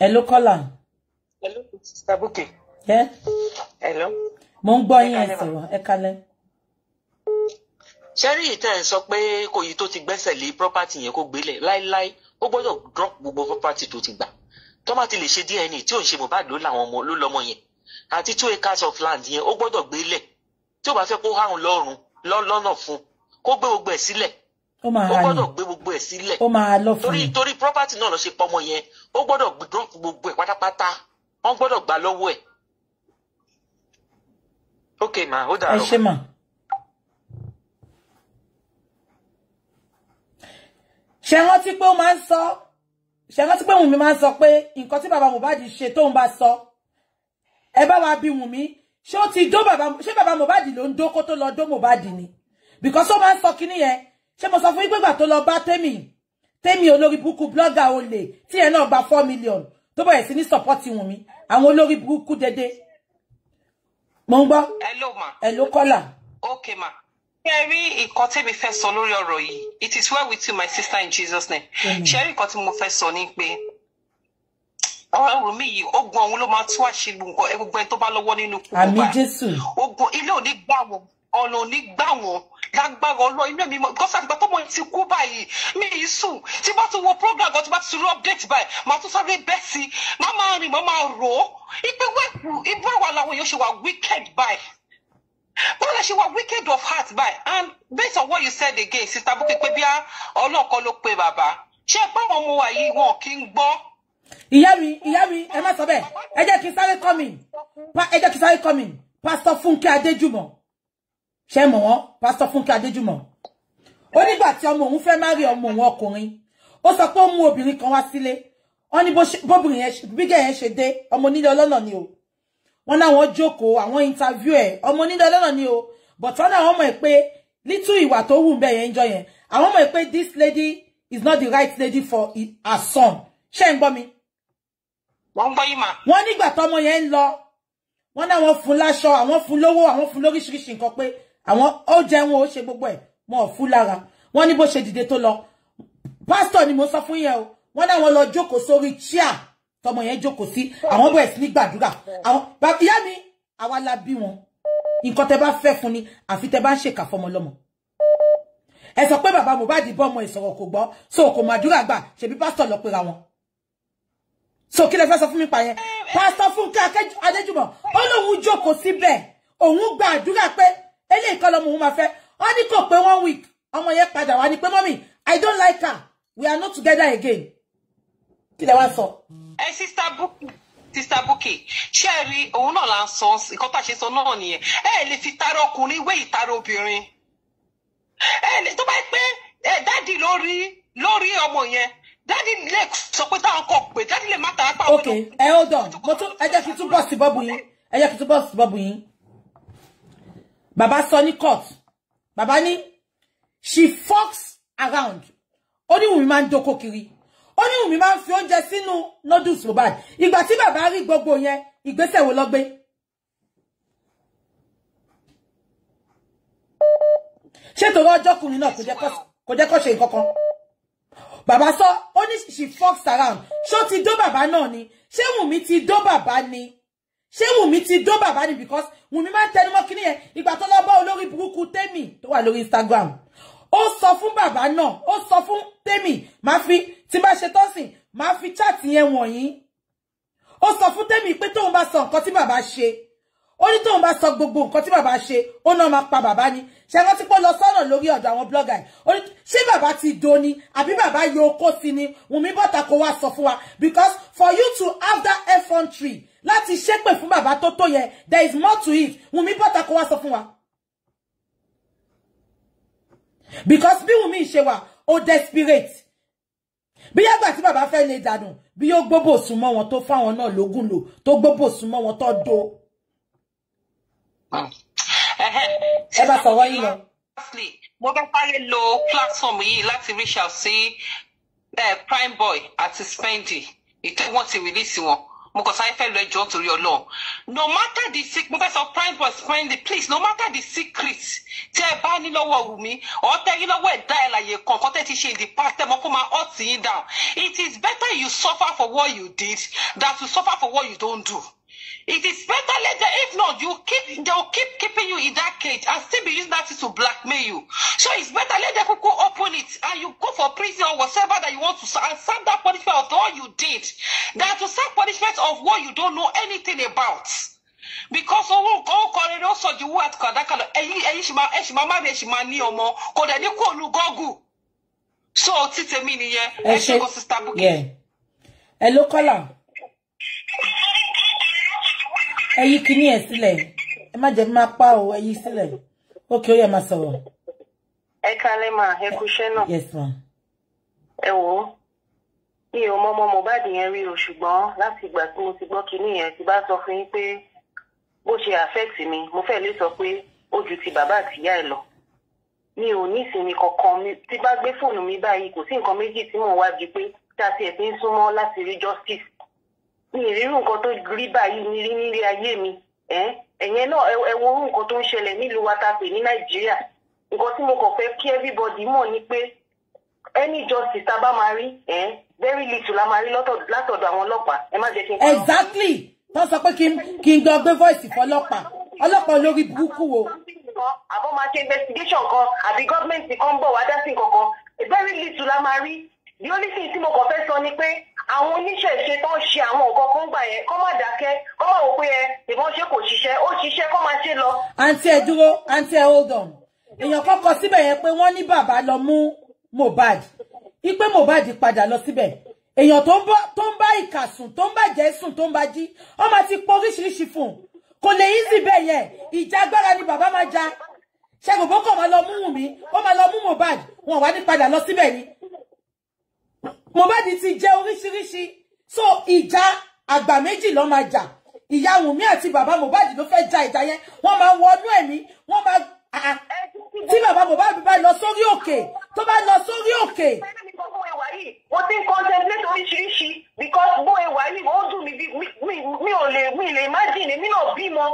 S1: hello caller.
S2: hello sista Bukky. ẹ. hello.
S1: mo ń gbọ́ yín ẹ̀sìn wa ẹ kalẹ̀
S4: ṣẹ́rí ìtẹ́ ẹ̀ sọ pé kò yí tó ti gbẹ́sẹ̀ lé property yẹn kó gbélé láíláí ó gbọ́dọ̀ drop gbogbo property tó ti gbà tó má ti lè ṣe DNA tí ò ń ṣe Mohbad ló làwọn ọmọ ló lọmọ yẹn àti two acres of land yẹn ó gbọ́dọ̀ gbé lẹ̀ tí ó bá fẹ́ kó hàn lọ́rùn lọ́nà fún kó gbé gbogbo ẹ̀ sílẹ̀
S1: ó gbọ́dọ̀ gbé
S4: gbogbo ẹ̀ sílẹ̀ torí torí property náà lọ ṣe pọmọ yẹn ó gbọ́dọ̀ drop gbogbo ẹ̀ pátápátá wọ́n gbọ́dọ̀ gbà lọ́wọ́ ẹ̀. ok ma ó dàrọ. ẹ
S1: ṣe mọ̀. ṣe rántí pé ó máa ń sọ ṣe rántí pé Wùnmí máa ń sọ pé nǹkan tí bàbá Mohbad ṣe tóun bá sọ ẹ wa bi Wùnmí ṣé ó ti dó Baba ṣé bàbá Mohbad ló ń dó kó tó lọ dó Mohbad ni because ó máa ń sọ kinní yẹn ṣé mo sọ fún yín pé gbà tó lọ bá tèmi tèmi buku burúkú blogger olè tí ẹ náà gba four million tó bẹ̀rẹ̀ sí ní support Wùnmí àwọn olórí burúkú dédé mo ń gbọ́ hello ma hello kọ́là
S3: okay ma ṣe rí nǹkan tẹ́mi fẹ́ sọ lórí ọ̀rọ̀ yìí it is well with you my sister in Jesus name ṣe rí nǹkan tí mo fẹ́ sọ ni pé ọ̀rọ̀ ẹ̀rù mi yìí ogun ọ̀hún ló máa tú àṣírí nǹkan gbogbo ẹni tó bá lọ́wọ́ nínú kúkú bá ogun ilé òní gbà wọ́n ọ̀nà òní gbà wọ́n lágbára ọlọ́ inú ẹ̀mí mọ́ gọ́sà àgbà tó mọ̀ ti kú báyìí mi yìí sùn tí bá tún wo program kan tí bá tún rí update báyìí màá tún sáré bẹ́ẹ̀ sí màá máa rìn màá máa rò ó ìgbéwẹ̀kù ìbú ẹ̀wà làwọn èèyàn ṣe wà wicked báyìí wọ́n lẹ́ ṣe wá wicked of heart by and based on what you said again sister Bukky pé bíá ọlọ́ọ̀kan ló pe bàbá ṣé pé àwọn ọmọ wa yìí wọn kì í gbọ́. ìyá
S1: mi ìyá mi ẹ má sọ bẹ́ẹ̀ ẹ jẹ́ kí n sáré kọ́ mi ẹ jẹ́ kí n sáré kọ́ mi pásítọ̀ Fúnkẹ́ Adéjùmọ̀ ṣe mọ̀ wọ́n pásítọ̀ Fúnkẹ́ Adéjùmọ̀ ó nígbà tí ọmọ òun fẹ́ má rí ọmọ òun ọkùnrin ó sọ pé ó mú obìnrin kan wá sílé ó ní bóbìnrin yẹn ṣe dé ọmọ onílé ọlọ́nà ni o wọ́n láwọn jókòó àwọn interview ẹ̀ ọmọ onídàá lọ́nà ni o but wọ́n náà wọ́n mọ̀ pé little ìwà tó wù bẹ́ẹ̀ yẹn ń jọ yẹn àwọn mọ̀ pé this lady is not the right lady for her son ṣé ń gbọ́ mi. wọ́n gbọ́ yìí mà. wọ́n nígbà tọmọ yẹn ń lọ wọ́n náà wọ́n fún láṣọ àwọn fún lówó àwọn fún lóríṣiríṣi nǹkan pé àwọn ó jẹun ó ṣe gbogbo ẹ̀ wọn ò fún lára wọ́n ní bó ṣe dìde tó lọ pásítọ̀ ni mo sọ fún yẹn o wọ́n náà wọ́n lọ jókòó sórí chair tọmọ yẹn jókòó sí àwọn bẹ̀rẹ̀ sí ní gbàdúrà àwọn ìyá mi àwa la bí wọn nǹkan tẹ bá fẹ́ fún ni àfi tẹ bá ń ṣèkà fọmọ lọ́mọ ẹ sọ pé bàbá Mohbad bọ́ ọmọ ìsọ̀rọ̀ kò gbọ́ so kò màdúrà gbà ṣebí pásítọ̀ lọ pera wọn so kí lẹ fẹ́ sọ fún mi pa yẹn pásítọ̀ Fúnkẹ́ Adéjùmọ̀ ó lóun jókòó síbẹ̀ òun gba pé eléyìí kọ́ lọ́mọ òun máa fẹ́ ó ní kò pé one week ọmọ yẹn padà wá ní pé mọ́mì I don't like her we are not together again kí lẹ wá sọ.
S3: ẹ sista Bukky sista Bukky ṣé ẹ rí òun náà là ń sọ nǹkan tá a ṣe sọ náà nìyẹn ẹ lè fi tara ọkùnrin wé ìtara obìnrin ẹ lè tó bá pé ẹ dáàdì lórí lórí ọmọ yẹn dáàdì lè sọ pé táwọn kọ pé dáàdì lè má
S1: tara pa àwọn. ok ẹ hold on mo tún ẹ jẹ́ kí n tún bọ́ọ̀sì bọ́ọ̀bù yín ẹ jẹ́ kí n tún bọ́ọ̀sì bọ́ọ̀bù yín bàbá sọ ní court bàbá ní she fox around ó ní Wùmí máa ń dóko kiri ó ní Wùnmí máa ń fi oúnjẹ sínú noodles mo báyìí ìgbà tí bàbá rí gbogbo yẹn ìgbésẹ̀ wo ló gbé ṣé torí ọjọ́kùnrin náà kò jẹ́ kó ṣe nǹkan kan bàbá sọ ó ní she fox around ṣó ti dó bàbá náà ni ṣé Wùnmí ti dó bàbá ni ṣé Wùnmí ti dó bàbá ni because Wùnmí máa ń tẹnumọ́ kí nìyẹn ìgbà tó lọ bá olórí burúkú tẹ́mì tó wà lórí Instagram ó sọ fún bàbá náà ó sọ fún tèmi máa fi tí bá ṣe tọ́sìn máa fi chat yẹn wọ̀nyí ó sọ fún tèmi pé tóun bá sọ nǹkan tí bàbá ṣe ó ní tóun bá sọ gbogbo nǹkan tí bàbá ṣe ó náà máa pa bàbá ni ṣe rántí pé ó lọ sọ̀rọ̀ lórí ọ̀dọ̀ àwọn blogger yìí ṣé bàbá ti do ni àbí bàbá yọ okó sí ni Wùnmí bọ́ta kó wá sọ fún wa because for you to have that effrontery láti ṣépè fún bàbá tó tó yẹ there is more to it Wùnmí bọ́ta kó wá sọ fún wa because bí Wùmí ṣe wà ó desperate bí yàgbà tí bàbá fẹ́ lè dànù bí yóò gbóbò sùn mọ́ wọn tó fáwọn náà lógún lò tó gbóbò sùn mọ́ wọn tó do. Ah. ẹ bá sọ̀rọ̀ yín lọ. mo bá parí lo platform
S3: yìí láti reach out sí eh, prime boy at àti spendy ìtẹ́wọ́n ti release wọn mo kàn sáré fẹ́ lọ ẹjọ́ torí ọlọ́ọ̀ no matter the secret mo fẹ́ sọ prime boy friendly please no matter the secret tí ẹ bá ní lọ́wọ́ Wùmí ọ̀tẹ́rí lọ́wọ́ ẹ̀dá ẹ̀ láyè kọ̀ọ̀kan tẹ́ ti ṣe in the past tẹ́ mọ́ kó máa hurt yín down it is better you suffer for what you did than to suffer for what you don't do. It is better later. If not, you keep they'll keep keeping you in that cage and still be using that to blackmail you. So it's better let the cuckoo open it and you go for prison or whatever that you want to and serve that punishment of all you did. That to serve punishment of what you don't know anything about. because owó kan ó kọrin ló sọ ju owó àtìkọ̀dákàlọ̀ ẹ̀yin ẹ̀yin ṣì máa ẹ̀ ṣì máa má mi ẹ̀ ṣì máa ní ọmọ kò dẹ̀ ní kó lu gọ́gù so títẹ̀mí nìyẹn e ni omo ko ni ko
S1: lu so kó kọ́là. ẹ yí kíní ẹ̀ sílẹ̀ ẹ má jẹ́ má pa o ẹ yí sílẹ̀ ókè ó yẹ máa sọ̀rọ̀.
S2: ẹ kalẹ́ mà ẹ kúṣẹ́ náà. yes ma. ẹ wò ó mi ò mọ ọmọ Mohbad yẹn rí o ṣùgbọ́n láti ìgbà tí mo ti gbọ́ kíní yẹn ti bá sọ fún yín pé bó ṣe affect mi mo fẹ́ lè sọ pé ó ju ti bàbá àtìyá ẹ̀ lọ mi ò ní ìsinmi kankan tí bá gbé fóònù mi báyìí kò sí nǹkan méjì tí mò ń wá ju pé tá a ti ẹ̀ fi ń súnmọ́ láti rí justice mi ìrírù nǹkan tó rí báyìí mi rí nílé ayé mi ẹ̀yẹn náà ẹ wo orú nǹkan tó ń ṣẹlẹ̀ nílùú wa ta pè ní nàìjíríà nǹkan tí mo kàn fẹ́ kí everybody mọ̀ ni pé any justice tá a bá máa rí very little la máa rí látọ̀dọ̀ àwọn ọlọ́pàá ẹ má jẹ́ kí n. exactly tó sọ pé kí n gbọ́ gbé voice fọlọ́pàá ọlọ́pàá olórí burúkú wo àbọ̀ máa ṣe investigation kan àbí gọ́ọ̀mẹ̀ntì kan ń bọ̀ wá dá sí nǹkan kan very little la máa rí the only thing tí mo kàn fẹ́ sọ ni pé àwọn oníṣẹ̀ṣe tó ń ṣe àwọn nǹkan kan gbà yẹn kọ́ má dákẹ́ kọ́ má wò pé ẹ ìbọn ṣe kò ṣiṣẹ́ ó ṣiṣẹ́ kọ́ máa ṣe lọ.
S1: àǹtí ẹ dúró àǹtí ẹ hold on èèyàn kan kọ síbẹ̀ yẹn pé wọ́n ní bàbá lọ mú Mohbad ipe Mohbad padà lọ síbẹ̀ èèyàn tó ń bá tó ń bá ìkà sùn tó ń bá sùn tó ń bá jí wọ́n máa ti pọ̀ oríṣiríṣi fún un kò lè easy bẹ́ẹ̀ yẹn ìjà ni bàbá máa ja ṣẹ́gun bó kàn máa lọ mú Wùmí ó máa lọ mú Mohbad wọn wá ní padà lọ síbẹ̀ ni Mohbad ti jẹ oríṣiríṣi so ìjà àgbà méjì Iya máa jà ìyá Wùnmí àti bàbá Mohbad ló fẹ́ ja ìjà yẹn wọ́n máa wọnú ẹ̀mí wọ́n máa tí bàbá Mohbad bá lọ sórí òkè tó bá lọ
S2: sórí òkè. mo ti ń contemplate oríṣiríṣi because bó ewà yìí ó dùn mí bí mi ò lè mi lè imagine èmi náà bímọ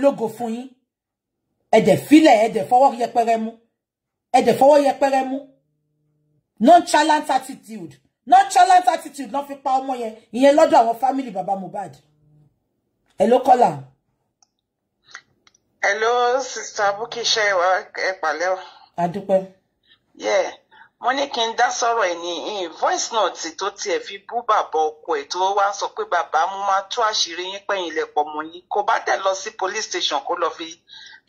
S1: ológo fún yín ẹ̀dẹ̀ filẹ̀ ẹ̀dẹ̀ fọwọ́ yẹpẹrẹ mú ẹ̀dẹ̀ fọwọ́ yẹpẹrẹ mú nonchalant attitude nonchalant attitude náà fi pa ọmọ yẹn ìyẹn lọ́dọ̀ àwọn family baba Mohbad hello caller.
S4: hello Sister Bukky ṣe ìwà ẹ pàlẹ́ o. adúpẹ́. yeah mo ní kí n dá sọ̀rọ̀ ẹ̀ ní in voice note tó tiẹ̀ fi bú bàbá ọkọ ẹ̀ tó wá sọ pé bàbá mo máa tú àṣírí yín pẹ̀yìn ilẹ̀pọ̀ mọ́ yín kó bá tẹ̀ lọ sí police station kó lọ fi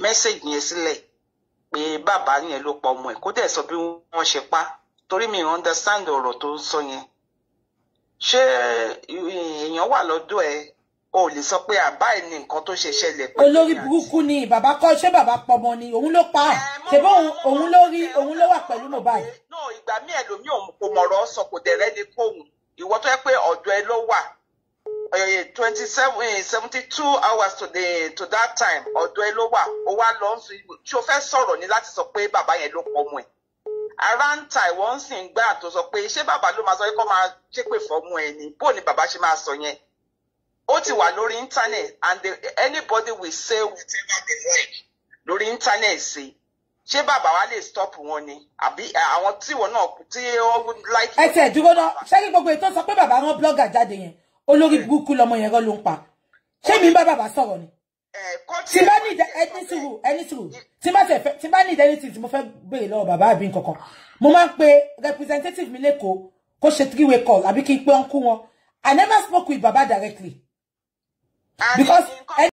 S4: mẹ́sẹ̀gì yẹn sílẹ̀ pé bàbá yẹn ló pa ọmọ ẹ̀ kó dẹ̀ sọ bí wọ́n ṣe pa torí mi understand ọ̀rọ̀ tó ń sọ yẹn ṣé èèyàn wà lọ́dọ̀ ẹ̀ o lè sọ pé àbá ẹ ní nǹkan tó ṣe ṣẹlẹ̀
S1: olórí burúkú ni bàbá kọ́ ṣé bàbá pọmọ ni òun ló pa ṣèbó òun ló rí òun ló wà pẹ̀lú Mohbad. náà ìgbà míì ẹlòmíì òun kò mọ̀rọ̀ sọ kò dẹ̀rẹ́ ní kóhùn ìwọ tó yẹ
S4: pé ọ̀dọ̀ ẹ ló wà twenty eh, seventy two hours to, the, to that time ọ̀dọ̀ ẹ ló wà ó wá lọ sí tí o fẹ́ sọ̀rọ̀ ni láti sọ pé bàbá yẹn ló pọmọ ẹ̀ ara ń ta ìwọ́n sì ń gbà tó sọ pé ṣé bàbá ló máa sọ pé kó máa ṣépè fọ́mọ ẹ ni bó ni bàbá ṣe máa sọ yẹn ó ti wà lórí internet and the, anybody will say whatever they like lórí internet ṣe ṣé bàbá wa lè stop wọn ni
S1: àbí eh, àwọn tíwọ náà tí ó like. ẹ tẹ dúró náà ṣé kí gbogbo ètò sọ pé bàbá wọn blogger jáde yẹn olórí burúkú lọmọ yẹn rán ló ń pa ṣé mi bá bàbá sọ̀rọ̀ ni eh, tí bá ní ẹni sùúrù ẹni sùúrù tí bá ní ẹni tí mo fẹ́ béèrè lọ́wọ́ bàbá àbí nǹkankan mo máa ń pe representative mi lẹ́kọ̀ọ́ kó ṣe three way call àbí kí n pe ọ̀nkú wọn I never spoke with baba directly because